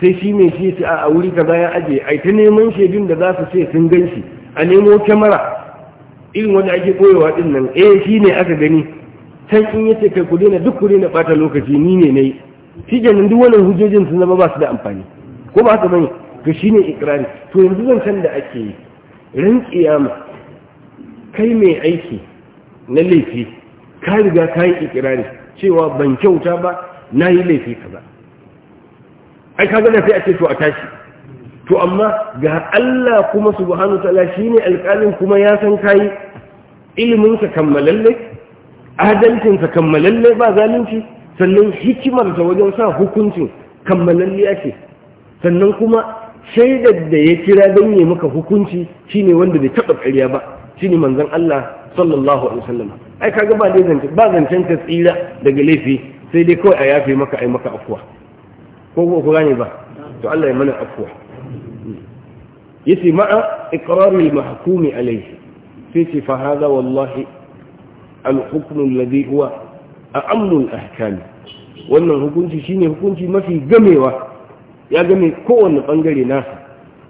sai shi mai shi ce a wuri kaza ya aje ai ta neman shaidun da za su ce sun gan a nemo kyamara irin wanda ake koyewa din nan eh shi ne aka gani can in yace kai ku daina duk ku daina bata lokaci ni ne nayi shi kenan duk wannan hujjojin sun zama ba su da amfani ko ba su bane to shi ne ikrari to yanzu zan san da ake yi ran kiyama kai mai aiki na laifi ka riga ka yi ikirari cewa ban kyauta ba na yi laifi ka ba. ai ka gada sai a ce to a tashi to amma ga Allah kuma subhanahu ta'ala shine alƙalin kuma ya san kai ilimin ka kammalalle adalcin ka kammalalle ba zalunci sannan hikimar ta wajen sa hukuncin kammalalle yake sannan kuma shaidar da ya kira don yi maka hukunci shine wanda bai taɓa ƙarya ba shine manzon Allah sallallahu alaihi wasallam ai kaga ba dai zance ba zancen ka tsira daga laifi sai dai kawai a yafe maka ai maka afwa ko ko ku gane ba to Allah ya mana afwa yace ma'a iqrarul mahkumi alayhi sai ce fa hada wallahi al-hukm alladhi huwa a'ammu al-ahkam wannan hukunci shine hukunci mafi gamewa ya game kowanne bangare nasa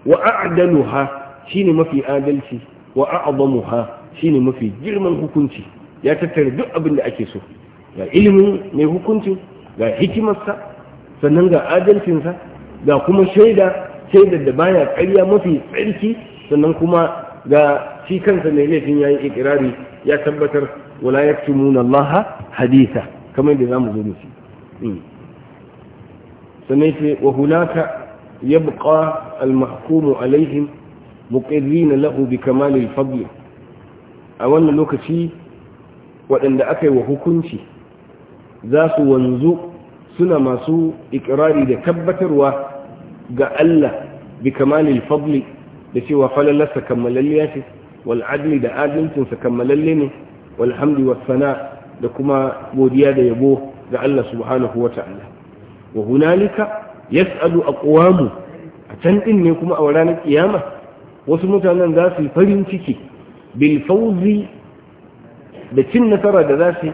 wa a'daluha shine mafi adalci wa a'zamuha shine mafi girman hukunci ya tattara duk abin da ake so ga ilimin mai hukunci, ga hikimarsa sannan ga adalcinsa ga kuma shaida shaidar da baya karya mafi tsarki sannan kuma ga shi kansa mai laifin ya yi ikirari ya tabbatar wala yaktumuna Allah haditha kamar da zamu zo dashi hmm. sannan ce wa ya buƙa al mahkumu alaihim muqirrin lahu bi kamalil a wannan lokaci waɗanda aka yi wa hukunci za su wanzu suna masu ikirari da tabbatarwa ga Allah bi kamalil fadli da cewa falalarsa kammalalliya ce wal da adalcinsa kammalalle ne walhamdi wasana da kuma godiya da yabo ga Allah subhanahu wa ta'ala wa hunalika yas'alu aqwamu a can din ne kuma a ranar kiyama wasu mutanen za su yi farin ciki bil da cin nasara da za su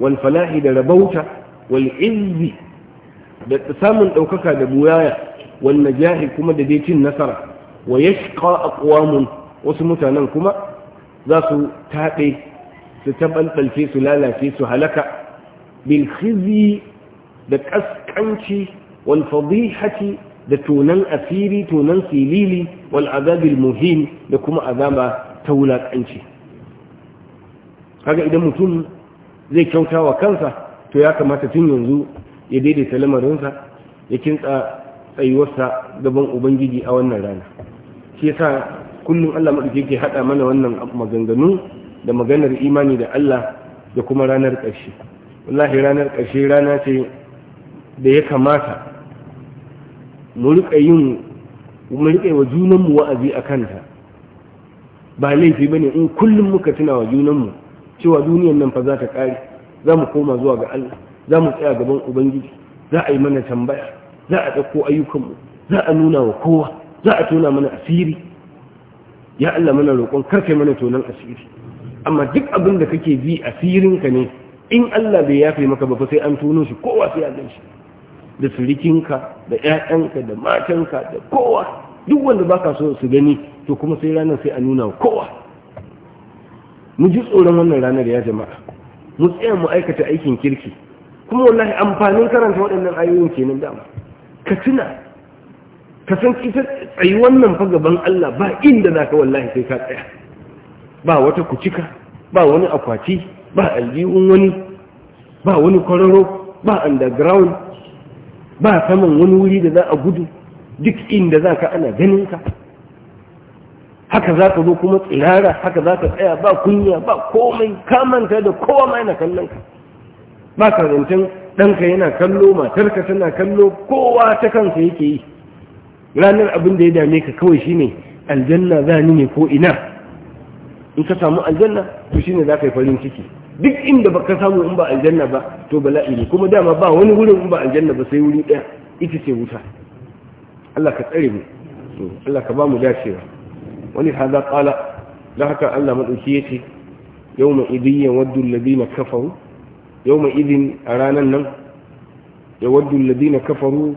walfalahi da rabauta wal da samun ɗaukaka da buyaya wal kuma da dai cin nasara wa yashqa aqwamun wasu mutanen kuma za su taɗe su taɓalɓalce su lalace su halaka bil da ƙasƙanci wal fadihati da tunan asiri tunan silili wal azabil muhim da kuma azaba ta wulaƙanci haka idan mutum zai kyauta wa kansa to ya kamata tun yanzu ya daidaita lamarinsa ya kintsa tsayuwarsa gaban ubangiji a wannan rana shi yasa kullum Allah maɗauki yake haɗa mana wannan maganganu da maganar imani da Allah da kuma ranar ƙarshe wallahi ranar ƙarshe rana ce da ya kamata mu riƙa yin mu riƙa wa junanmu wa'azi a kanta ba laifi bane in kullum muka tuna wa junanmu cewa duniyan nan fa za ta kare za mu koma zuwa ga Allah za mu tsaya gaban ubangiji za a yi mana tambaya za a ɗauko ayyukanmu za a nuna wa kowa za a tona mana asiri ya Allah mana roƙon karka mana tonan asiri amma duk abin da kake bi asirin ka ne in Allah bai yafe maka ba fa sai an tono shi kowa sai ya gan shi da surikinka da 'ya'yanka da matanka da kowa duk wanda baka so su gani to kuma sai ranar sai a nuna kowa mu ji tsoron wannan ranar ya jama'a mu tsaya mu aikata aikin kirki kuma wallahi amfanin karanta waɗannan ayoyin kenan dama ka tuna ka san ita tsayi wannan fa gaban Allah ba inda zaka wallahi sai ka tsaya ba wata kucika ba wani akwati ba aljihun wani ba wani kwararo ba underground ba saman wani wuri da za a gudu duk inda za ka ana ganinka haka za ka zo kuma tsirara haka za ka tsaya ba kunya ba komai kamanta da kowa ma yana kallon ka ba ka zancen ɗanka yana kallo matarka tana kallo kowa ta kansa yake yi ranar abin da ya dame ka kawai shine aljanna za ni ne ko ina in ka samu aljanna to shi ne za ka yi farin ciki duk inda ba ka samu in ba aljanna ba to bala'i ne kuma dama ba wani wurin in ba aljanna ba sai wuri ɗaya ita ce wuta Allah ka tsare mu Allah ka ba mu dacewa wani hada kala da haka Allah maɗauki ya ce yau mai idin ya waddu ladina kafaru yau mai idin a ranar nan ya waddu ladina kafaru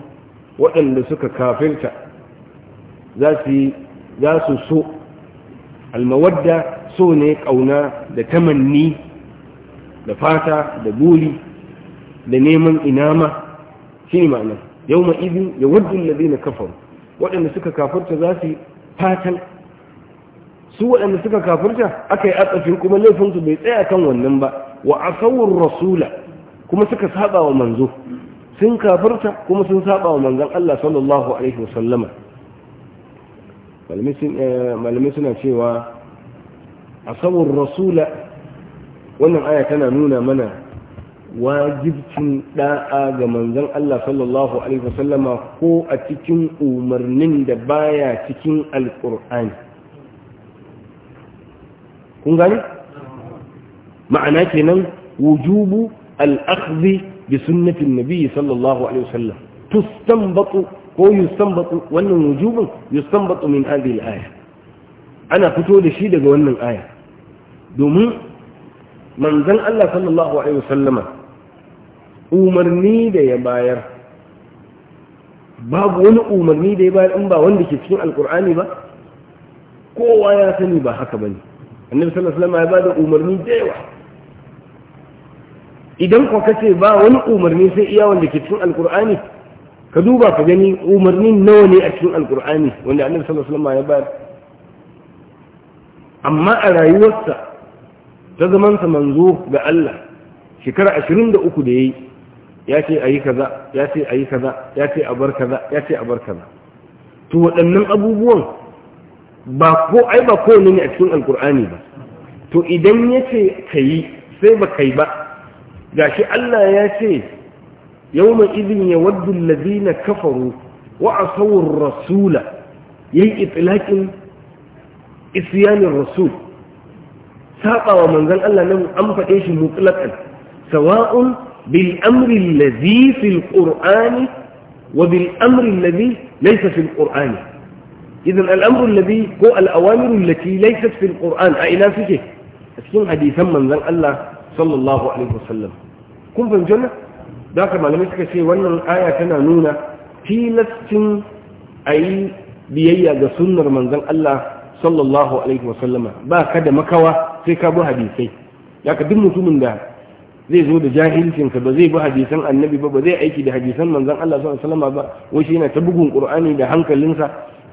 waɗanda suka kafirta za su so almawadda so ne ƙauna da tamanni da fata da buri da neman inama shi ne yau ya waɗanda suka kafarta za su fatan su waɗanda suka kafirta aka yi atsafin kuma laifinsu bai tsaya kan wannan ba wa asawun rasula kuma suka saba wa manzo sun kafirta kuma sun saba wa manzan Allah sallallahu alaihi wasallama eh, malamai suna cewa asawun rasula wannan aya tana nuna mana wajibcin da'a ga manzan Allah sallallahu alaihi wasallama ko a cikin umarnin da baya cikin alkur'ani kun gane ma'ana kenan wujubu al'akzi akhdhi bi sunnati nabi sallallahu alaihi wasallam tustanbatu ko yustanbatu wannan wujubin yustanbatu min hadhihi al-aya ana fito da shi daga wannan aya domin manzon Allah sallallahu alaihi wasallama umarni da ya bayar babu wani umarni da ya bayar in ba wanda ke cikin alkur'ani ba kowa ya sani ba haka bane annabi sallallahu alaihi wasallam ya bada umarni da yawa idan ka kace ba wani umarni sai iya wanda ke cikin alqur'ani ka duba ka gani umarnin nawa ne a cikin alqur'ani wanda annabi sallallahu alaihi wasallam ya bada amma a rayuwarsa ta zamansa manzo ga Allah shekara ashirin da uku da ya yi ya ce a yi kaza ya ce a yi kaza ya ce a bar kaza ya ce a bar kaza to waɗannan abubuwan ba ko ai ba ko ne a cikin alkur'ani ba to idan yace kai sai ba kai ba gashi Allah ya ce yawma idhin ya alladhina kafaru wa asawu rasula yayi itlaqin isyan ar rasul saba wa manzon Allah nan an fade shi mutlaqan sawa'un bil amri allazi fil qur'ani wa bil amri alladhi laysa fil qur'ani idan al'amrul ladhi ko al'awamirul lati laysat fil qur'an a ina suke a cikin hadisan manzon Allah sallallahu alaihi wasallam kun fahimci wannan da haka malamai suka ce wannan aya tana nuna tilastin ayi biyayya ga sunnar manzon Allah sallallahu alaihi wasallama ba ka da makawa sai ka bi hadisai haka duk mutumin da zai zo da jahilcinka ba zai bi hadisan annabi ba ba zai aiki da hadisan manzon Allah sallallahu alaihi wasallama ba wai shi yana ta bugun qur'ani da hankalinsa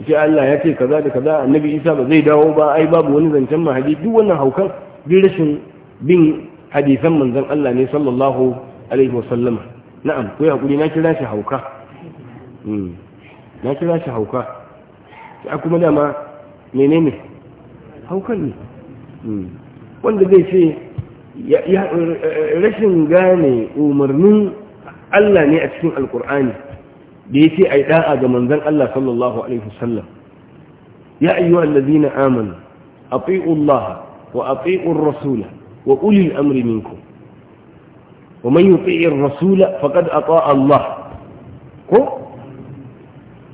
ce Allah ya ce kaza da kaza annabi Isa ba zai dawo ba ai babu wani zancen mahadi duk wannan haukan duk rashin bin hadisan manzon Allah ne sallallahu alaihi wasallama na'am ko hakuri na kira shi hauka hmm. na kira shi hauka sai kuma dama menene haukan ne hmm. wanda zai ce rashin gane umarnin Allah ne a cikin alkur'ani da ya ce a yi ɗa'a ga manzan Allah sallallahu Alaihi wasallam ya ayyu allazi na amana a Allah wa a rasula wa ulil amri minkum wa man yi rasula faƙad a ƙwa Allah ko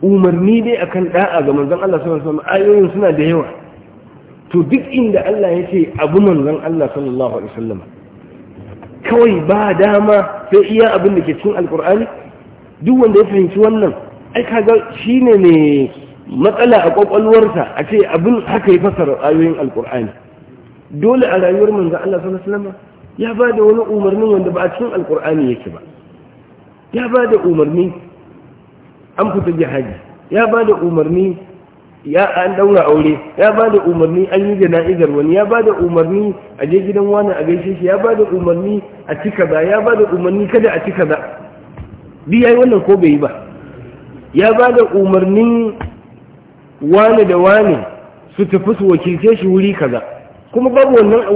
umarni dai akan ɗa'a ga manzan Allah sallallahu Alaihi wasallam ayoyin suna da yawa to duk inda Allah ya ce abu manzan Allah sallallahu Alaihi wasallam kawai ba dama sai iya abin da ke cikin alkur'ani duk wanda ya fahimci wannan ai kaga shine ne matsala a kwakwalwarsa a ce abin haka ya fasara ayoyin alkur'ani dole a rayuwar manzo Allah sallallahu alaihi wasallam ya ba wani umarni wanda ba a cikin alkur'ani yake ba ya ba umarni an fita jihadi ya ba da umarni ya an daura aure ya ba da umarni an yi jana'izar wani ya ba da umarni a je gidan wani a gaishe shi ya ba da umarni a ci kaza ya ba da umarni kada a ci kaza ya yi wannan ko bai yi ba ya ba da umarnin wani da wani su tafi su wakilce shi wuri kaza kuma babu wannan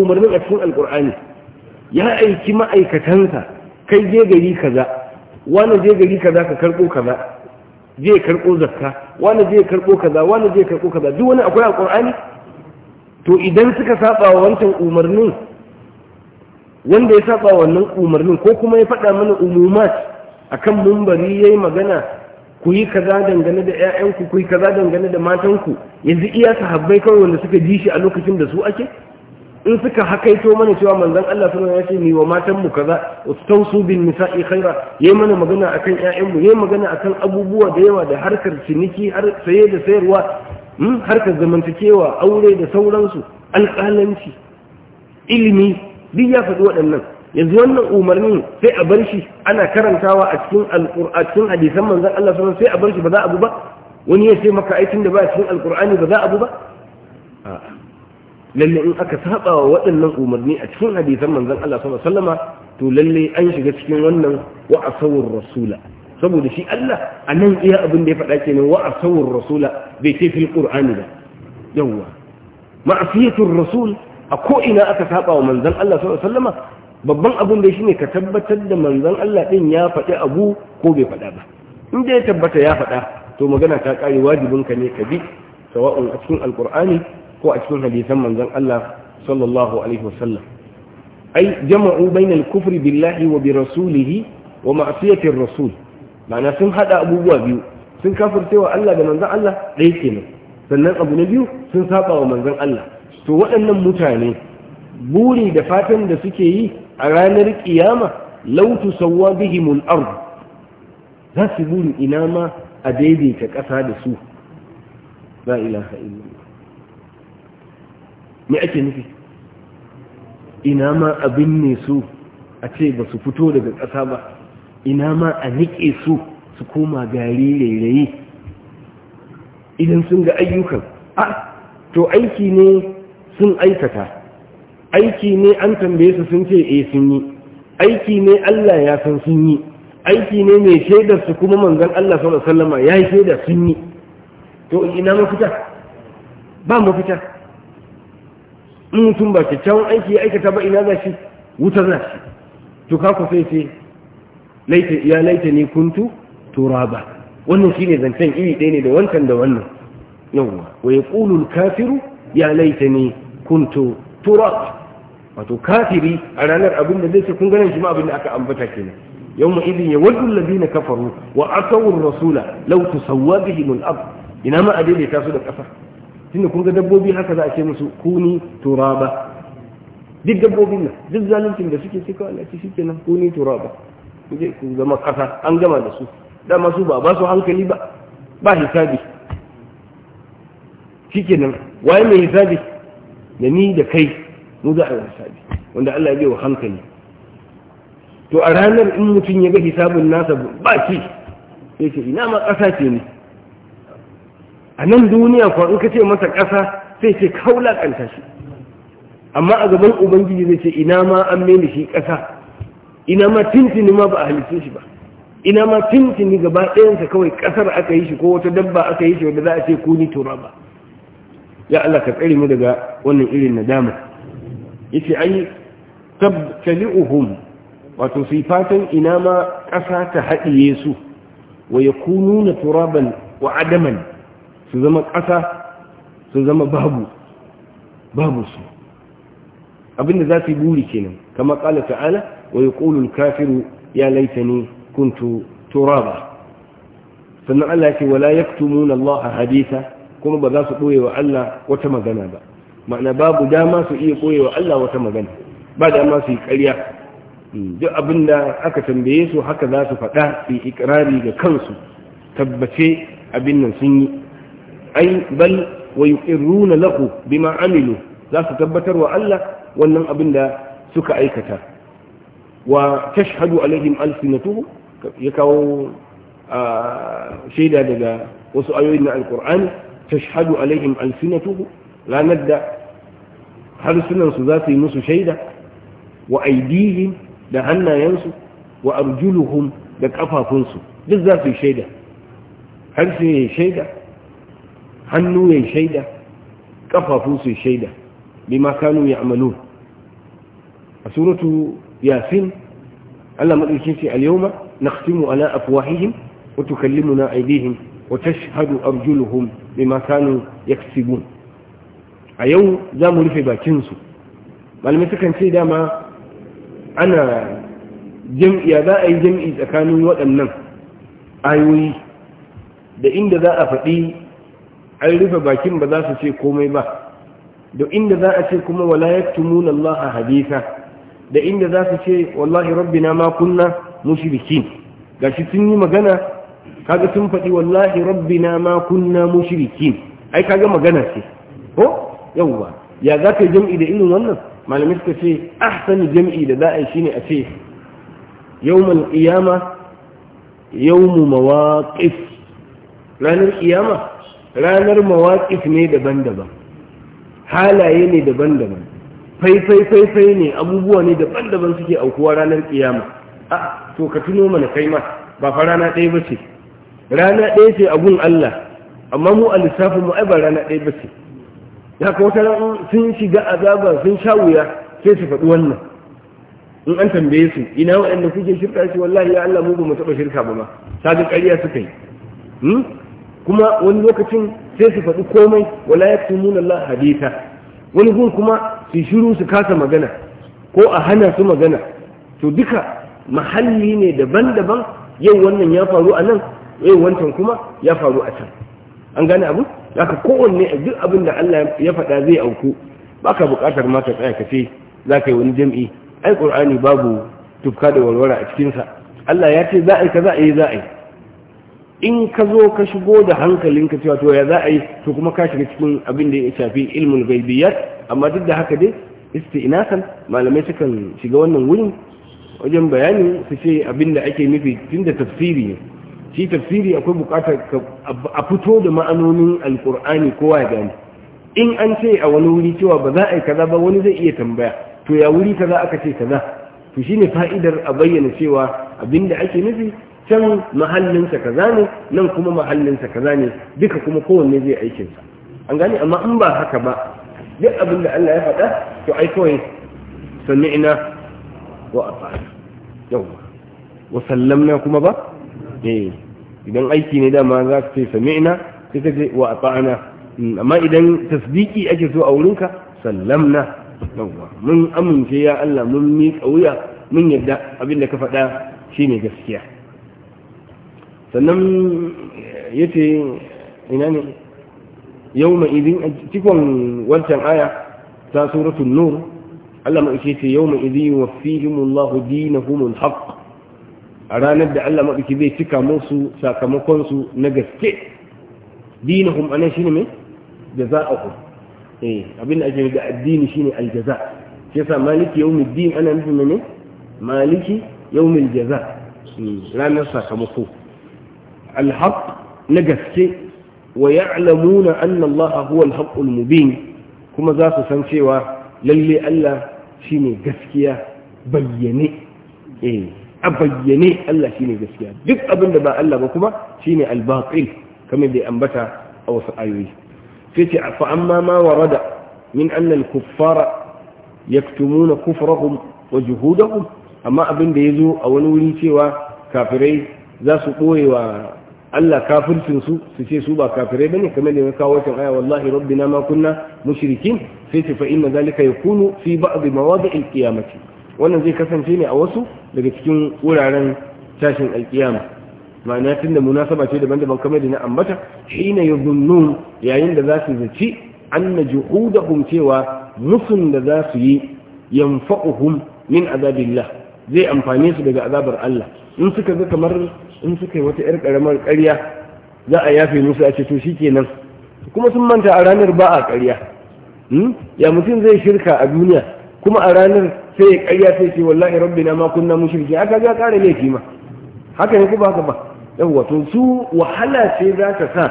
umarnin a cikin alkur'ani ya aiki ma'aikatansa kai je gari kaza wani je gari kaza ka karɓo kaza je karɓo zakka wani je karɓo kaza wani je karɓo kaza duk wani akwai alkur'ani to idan suka saba wa wancan umarnin wanda ya saba wannan umarnin ko kuma ya faɗa mana umumat akan mumbari yayi magana ku yi kaza dangane da 'ya'yanku ku yi kaza dangane da matanku yanzu iya sahabbai kawai wanda suka ji shi a lokacin da su ake in suka hakaito mana cewa manzon Allah sallallahu alaihi wasallam ya ce wa matanmu kaza Wasu tausu bin nisa'i khaira yayi mana magana akan ƴaƴanmu yayi magana akan abubuwa da yawa da harkar ciniki har saye da sayarwa hmm, harkar zamantakewa aure da sauransu alƙalanci ilimi duk ya faɗi waɗannan yanzu wannan umarnin sai a bar shi ana karantawa a cikin alƙur'anin hadisan manzon Allah sallallahu sai a bar shi ba za a bu ba wani ya ce maka aikin da ba cikin alƙur'ani ba za a bu ba lalle in aka saba wa waɗannan umarni a cikin hadisan manzon Allah sallallahu alaihi wasallama to lalle an shiga cikin wannan wa asawur rasula saboda shi Allah a nan iya abin da ya faɗa kenan wa asawur rasula bai ce fil qur'ani ba yawwa ma'asiyatur rasul a ko ina aka saba wa manzon Allah sallallahu alaihi wasallama babban abun da shine ka tabbatar da manzon Allah ɗin ya faɗi abu ko bai faɗa ba in da ya tabbata ya faɗa to magana ta ƙare wajibin ka ne ka bi sawa'un a cikin alqur'ani ko a cikin hadisan manzon Allah sallallahu alaihi wasallam ai jama'u bainal kufri billahi wa bi rasulihi wa ma'siyatir rasul ma'ana sun hada abubuwa biyu sun kafircewa Allah da manzon Allah ɗaya kenan sannan abu na biyu sun saba wa manzon Allah to waɗannan mutane buri da fatan da suke yi a ranar kiyama lautu sawwa bihimul ard za su buri ina ma a daidaita ƙasa da su la ilaha illallah me ake nufi ina ma abin ne su a ce ba su fito daga ƙasa ba ina ma a niƙe su su koma gari rairayi idan sun ga ayyukan a to aiki ne sun aikata aiki ne an tambaye su sun ce e sun yi aiki ne Allah ya san sun yi aiki ne mai shaidar su kuma manzon Allah sallallahu alaihi wasallam ya yi shaidar sun yi to ina mafita ba mafita in mutum ba kyakkyawan aiki ya aikata ba ina za shi wutar na shi to ka ku sai ce laita ya laita ne kuntu turaba wannan shine zancen iri ɗaya ne da wancan da wannan yawwa wa yaqulu al-kafiru ya laita ni kuntu turaba wato kafiri a ranar abin da zai ce kun ganin shi ma abin da aka ambata kenan mu idin wadu ladina kafaru wa atawur rasula law tusawwa bihim al-ard ina ma a daidaita su da kasa tunda kun ga dabbobi haka za a ce musu kuni turaba duk dabbobin nan duk zaluncin da suke cika Allah ci shike nan kuni turaba kuje ku zama kasa an gama da su da su ba ba su hankali ba ba hisabi shike nan waye mai hisabi da ni da kai mu za a yi hisabi wanda Allah bai wa hankali to a ranar in mutum ya ga hisabin nasa ba ce sai ce ina ma ƙasa ce ne a nan duniya kuwa in ka ce masa ƙasa sai ce ka wulaƙanta shi amma a gaban ubangiji zai ce ina ma an mene shi ƙasa ina ma tintini ma ba a halittu shi ba ina ma tintini gaba ɗayansa kawai ƙasar aka yi shi ko wata dabba aka yi shi wanda za a ce kuni turaba ya Allah ka tsare mu daga wannan irin nadama yace ai tabtali'uhum wato su fatan ina ma ƙasa ta haɗiye su wa yakununa turaban wa adaman su zama ƙasa su zama babu babu su abinda za su yi buri kenan kama ƙala ta'ala wa yaqulu kafiru ya ne kuntu turaba sannan Allah ke wala wala yaktumuna Allah haditha kuma ba za su ɓoye wa Allah wata magana ba ma'ana babu dama su iya koyewa Allah wata magana ba dama su yi ƙarya hmm, duk abin da aka tambaye su haka za su faɗa su yi ikirari ga kansu tabbace abin nan sun yi ai bal wa yuqirruna lahu bima amilu za su tabbatar wa Allah wannan abin da suka aikata wa tashhadu alaihim alsinatuhu ya kawo shaida daga wasu ayoyin na alqur'ani tashhadu alaihim alsinatuhu ranar da harsunansu za su yi musu shaida wa aidihim da hannayensu wa arjuluhum da kafafunsu duk za su yi shaida harshe ya shaida hannu ya shaida kafafunsu ya shaida bima kanu ya amalu a suratu yasin Allah madaukin ce al-yawma naqtimu ala afwahihim wa tukallimuna aydihim wa tashhadu arjuluhum bima kanu yaksibun a yau za mu rufe bakinsu malamai sukan ce dama ana jam'iya za a yi jam'i tsakanin waɗannan ayoyi da inda za a faɗi an rufe bakin ba za su ce komai ba da inda za a ce kuma wala yaktumun Allah hadisa da inda za su ce wallahi rabbina ma kunna mushrikin shi sun yi magana kaga sun faɗi wallahi rabbina ma kunna mushrikin ai kaga magana ce ko yawwa ya za ka jam'i da irin wannan malamai suka ce ahsani jam'i da za a yi shine a ce yawmal qiyama yawmu mawaqif ranar qiyama ranar mawaqif ne daban-daban halaye ne daban-daban faifai faifai ne abubuwa ne daban-daban suke aukuwa ranar qiyama a to ka tuno mana kai ma ba fa rana ɗaya ba ce rana ɗaya ce a gun Allah amma mu a lissafin mu ai ba rana ɗaya ba ce ya ka wata sun shiga azaba sun sha wuya sai su faɗi wannan in an tambaye su ina waɗanda kuke shirka shi wallahi ya Allah mu ba mu taɓa shirka ba ma ga ƙarya suka yi hmm? kuma wani lokacin sai su faɗi komai wala ya fi nuna Allah hadita wani gun kuma su shiru su kasa magana ko a hana su magana to duka mahalli ne daban-daban yau wannan ya faru a nan yau wancan kuma ya faru a can an gane abu zaka kowanne duk abin da Allah ya faɗa zai auku baka buƙatar ma ka tsaya ka ce za ka yi wani jam'i ai qur'ani babu tufka da walwala a cikin sa Allah ya ce za a yi za a yi za a yi in ka zo ka shigo da hankalinka cewa to ya za a yi to kuma ka shiga cikin abin da ya shafi ilmul ghaibiyat amma duk da haka dai isti'nasan malamai sukan shiga wannan wurin wajen bayani su ce abin da ake nufi tunda tafsiri ne shi tafsiri akwai bukatar a fito da ma'anonin alkur'ani kowa ya gani in an ce a wani wuri cewa ba za a yi kaza ba wani zai iya tambaya to ya wuri kaza aka ce kaza to shine fa'idar a bayyana cewa abinda ake nufi can mahallinsa kaza ne nan kuma mahallinsa kaza ne duka kuma kowanne zai aikinsa an gane amma in ba haka ba duk abin da Allah ya faɗa to ai kawai sami'na wa ata'na yawwa wa sallamna kuma ba eh idan aiki ne dama za ka ce sami'na sai ka ce wa ata'na mm, amma idan tasdiki ake so a wurinka sallamna mun amince ya Allah mun mi wuya mun yadda abin da ka faɗa shine gaskiya sannan eh, yace ina ne yawma idin cikon wancan aya ta suratul nur Allah ma ce yawma idin yuwaffihimullahu dinahumul haqq a ranar da Allah maɗauki zai cika musu sakamakonsu na gaske Dina dinahum anan ne mai a eh abinda ake da addini shi shine aljaza shi yasa maliki yawmid din ana nufin ne maliki yawmil jaza hmm, ranar sakamako alhaq na gaske wa ya'lamuna anna Allah huwa alhaqul mubin kuma za su san cewa lalle Allah shine gaskiya bayyane eh a bayyane Allah shine gaskiya duk abin da ba Allah ba kuma shine al-batil kamar da ambata a wasu ayoyi sai ce fa amma ma warada min anna al-kuffara yaktumuna kufrahum wa juhudahum amma abin da yazo a wani wuri cewa kafirai za su boye wa Allah kafircin su su ce su ba kafirai bane kamar da kawo wata aya wallahi rabbina ma kunna mushrikin sai ce fa inna zalika yakunu fi ba'd mawadi'il qiyamati wannan zai kasance ne a wasu daga cikin wuraren tashin alkiyama ma'ana tun da munasaba ce daban-daban kamar da na ambata shine yuzunnun yayin da za su zaci anna juhudahum cewa musun da za su yi yanfa'uhum min azabillah zai amfane su daga azabar Allah in suka ga kamar in suka yi wata 'yar karamar ƙarya za a yafe musu a ce to kenan kuma sun manta a ranar ba a ƙarya hmm? ya mutum zai shirka a duniya kuma a ranar sai ya karya sai ce wallahi rabbina ma kunna mushriki aka ga kare laifi ma haka ne ko ba haka ba yawwa su wahala ce za sa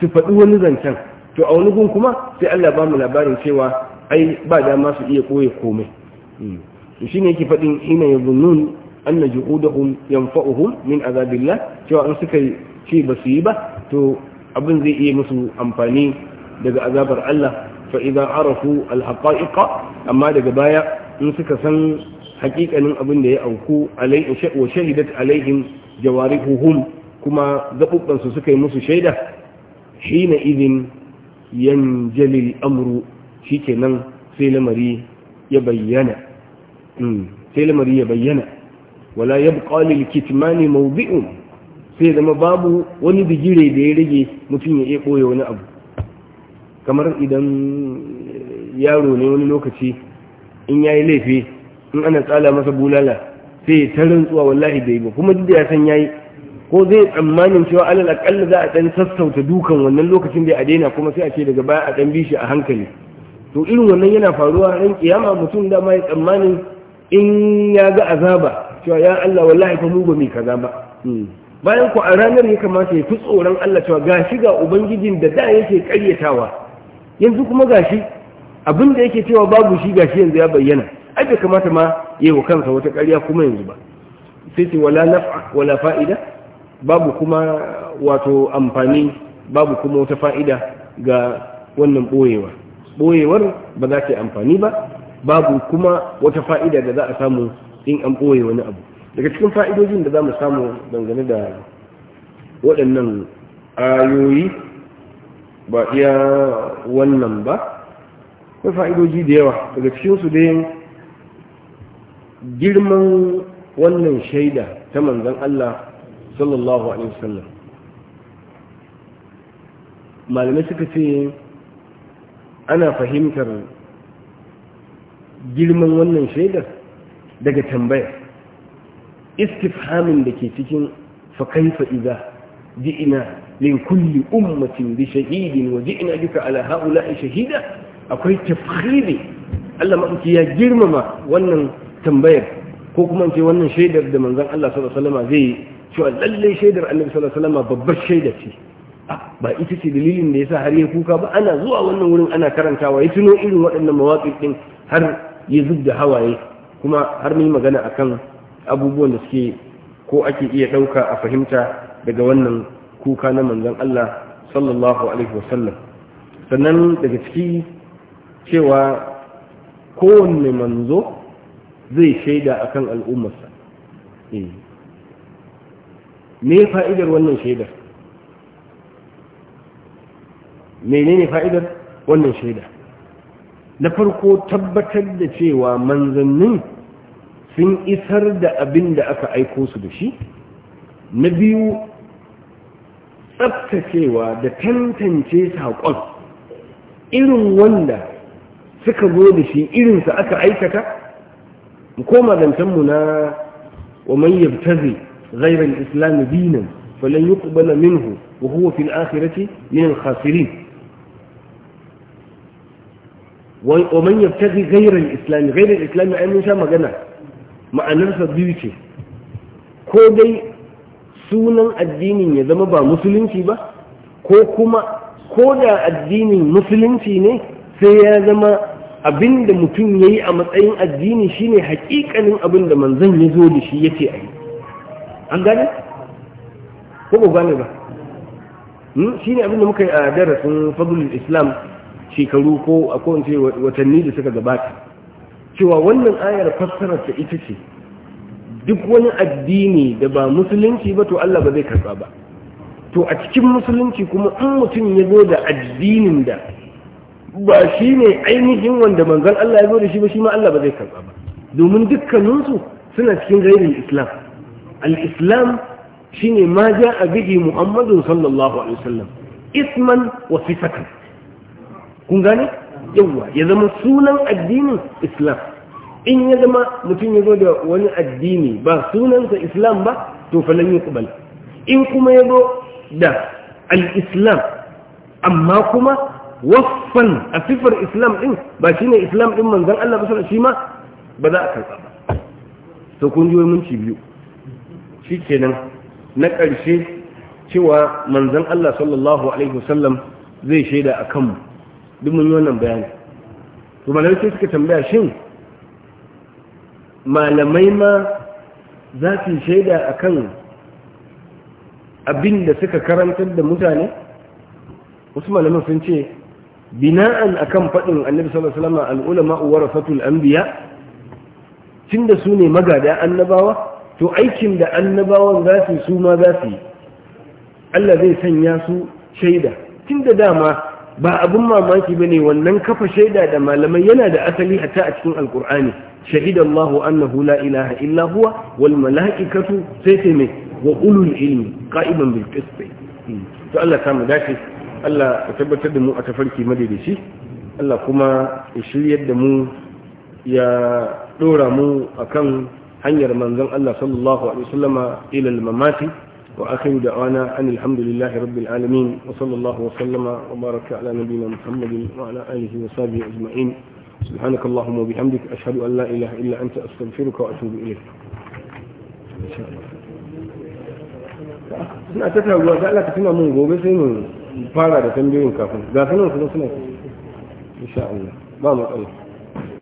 su faɗi wani zancen to a wani gun kuma sai Allah ba mu labarin cewa ai ba dama su iya koye komai hmm. to shine yake faɗin ina yazunnun anna juhudahum yanfa'uhum min azabillah cewa in suka ce ba su yi ba to abin zai iya musu amfani daga azabar Allah fa idan arafu alhaqa'iqa amma daga baya in suka san hakikanin abin da ya auku wa shahidat alaihim jawarihuhum kuma zaɓuɓɓansu suka yi musu shaida shi na izin jalil amru shi ke nan sai lamari ya bayyana hmm, wala ya buƙalil kitmani maubi'un sai zama babu wani bigire da ya rage mutum ya iya ɓoye wani abu kamar idan eh, yaro ne wani lokaci in ya yi laifi in ana tsala masa bulala sai ya ta rantsuwa wallahi bai ba kuma duk da ya san yayi ko zai tsammanin cewa alal akalla za a dan sassauta dukan wannan lokacin da ya daina kuma sai a ce daga baya a dan bishi a hankali to irin wannan yana faruwa ran kiyama mutum da ma ya tsammanin in ya ga azaba cewa ya Allah wallahi fa mu ba mai kaza ba hmm. bayan ku a ranar ya kamata ya fi tsoron Allah cewa gashi ga ubangijin da da yake karyatawa yanzu kuma gashi abin da yake cewa babu shi gashi yanzu ya bayyana ai bai kamata ma yayi wa kansa wata ƙarya kuma yanzu ba sai ce wala naf'a wala fa'ida babu kuma wato amfani babu kuma wata fa'ida ga wannan boyewa boyewar ba za ta amfani ba babu kuma wata fa'ida da za a samu in an boye wani abu daga cikin fa'idojin da za mu samu dangane da waɗannan ayoyi ba iya wannan ba da fa'idoji da yawa daga cikinsu dai girman wannan shaida ta manzan Allah sallallahu alaihi wasallam malamai suka ce ana fahimtar girman wannan shaidar daga tambaya istifhamin da ke cikin fakaifa iza ji'ina min kulli ummatin bi shahidin wa ji'ina bika ala ha'ula'i shahida akwai tafhiri Allah ya girmama wannan tambayar ko kuma ce wannan shaidar da manzon Allah sallallahu alaihi wasallam zai cewa lallai shaidar Annabi sallallahu babbar shaida ce ah, ba ita ce dalilin da yasa har ya kuka ba ana zuwa wannan wurin ana karantawa ya tuno irin waɗannan mawaƙi din har ya da hawaye kuma har ni magana akan abubuwan da suke ko ake iya ɗauka a fahimta daga wannan kuka na manzon Allah sallallahu alaihi wasallam sannan daga ciki cewa kowanne manzo zai shaida a kan al'ummarsa eh. me fa'idar wannan shaidar ne fa'idar wannan shaida na farko tabbatar da cewa manzannin sun isar da abin da aka aiko su da shi na biyu tsabtacewa da tantance saƙon irin wanda suka zo da shi irinsa aka aikata mu koma zancenmu na wa man yabtazi ghayra al-islam dinan falan yuqbala minhu wa huwa fil akhirati min al-khasirin wa man yabtazi ghayra al-islam ghayra al-islam ai mun sha magana ma'anarsa biyu ce ko dai sunan addinin ya zama ba musulunci ba ko kuma ko da addinin musulunci ne sai ya zama abinda mutum ya yi a matsayin addini shine hakikanin da manzan ya zo da shi ya a yi. an gane ko ba gane ba hmm? shine da muka yi a darasin fadlul islam shekaru ko a kowace watanni da suka gabata cewa wannan ayar fassarar ta ita ce duk wani addini da ba musulunci ba to Allah ba zai karba ba to a cikin musulunci kuma in mutum ya zo da addinin da ba shi ne ainihin wanda manzon Allah ya zo da shi ba shi ma Allah ba zai karɓa ba domin dukkaninsu suna cikin gairin islam al-islam shine ma a bihi muhammadun sallallahu alaihi wasallam isman wa sifatan kun gane yawa ya zama sunan addinin islam in ya zama mutum ya zo da wani addini ba sunansa islam ba to falon yi kubal in kuma ya zo da al-islam amma kuma wasfan a sifar islam din ba shi ne islam din manzan Allah ba shi ma ba za a karɓa ba to kun ji mun ci biyu kenan na ƙarshe cewa manzan Allah sallallahu alaihi wasallam zai shaida a kanmu duk mun yi wannan bayani to malamai sai suka tambaya shin malamai ma za su shaida a kan abin da suka karantar da mutane wasu malaman sun ce bina'an akan faɗin annabi sallallahu alaihi wasallam al-ulama warasatul anbiya tunda su ne magada annabawa to aikin da annabawan za su su Allah zai sanya su shaida tunda dama ba abin mamaki ba ne wannan kafa shaida da malamai yana da asali hatta a cikin alkur'ani shahidallahu annahu la ilaha illa huwa wal mala'ikatu sai sai mai wa ulul ilmi qa'iman bil qist hmm. to Allah ta mu dace Allah ya tabbatar da mu a tafarki madaidaici Allah kuma ya shiryar da mu ya dora mu akan hanyar manzon Allah sallallahu alaihi wasallama ila al-mamati wa akhiru da'wana an alhamdulillahi rabbil alamin wa sallallahu wa sallama wa baraka ala nabiyyina Muhammadin wa ala alihi wa sahbihi ajma'in سبحانك اللهم وبحمدك أشهد أن لا إله إلا أنت أستغفرك وأتوب إليك إن شاء الله لا تتعب لا تتنا من gobe sai mun fara da tambayoyin kafin ga sanin su suna insha Allah ba matsala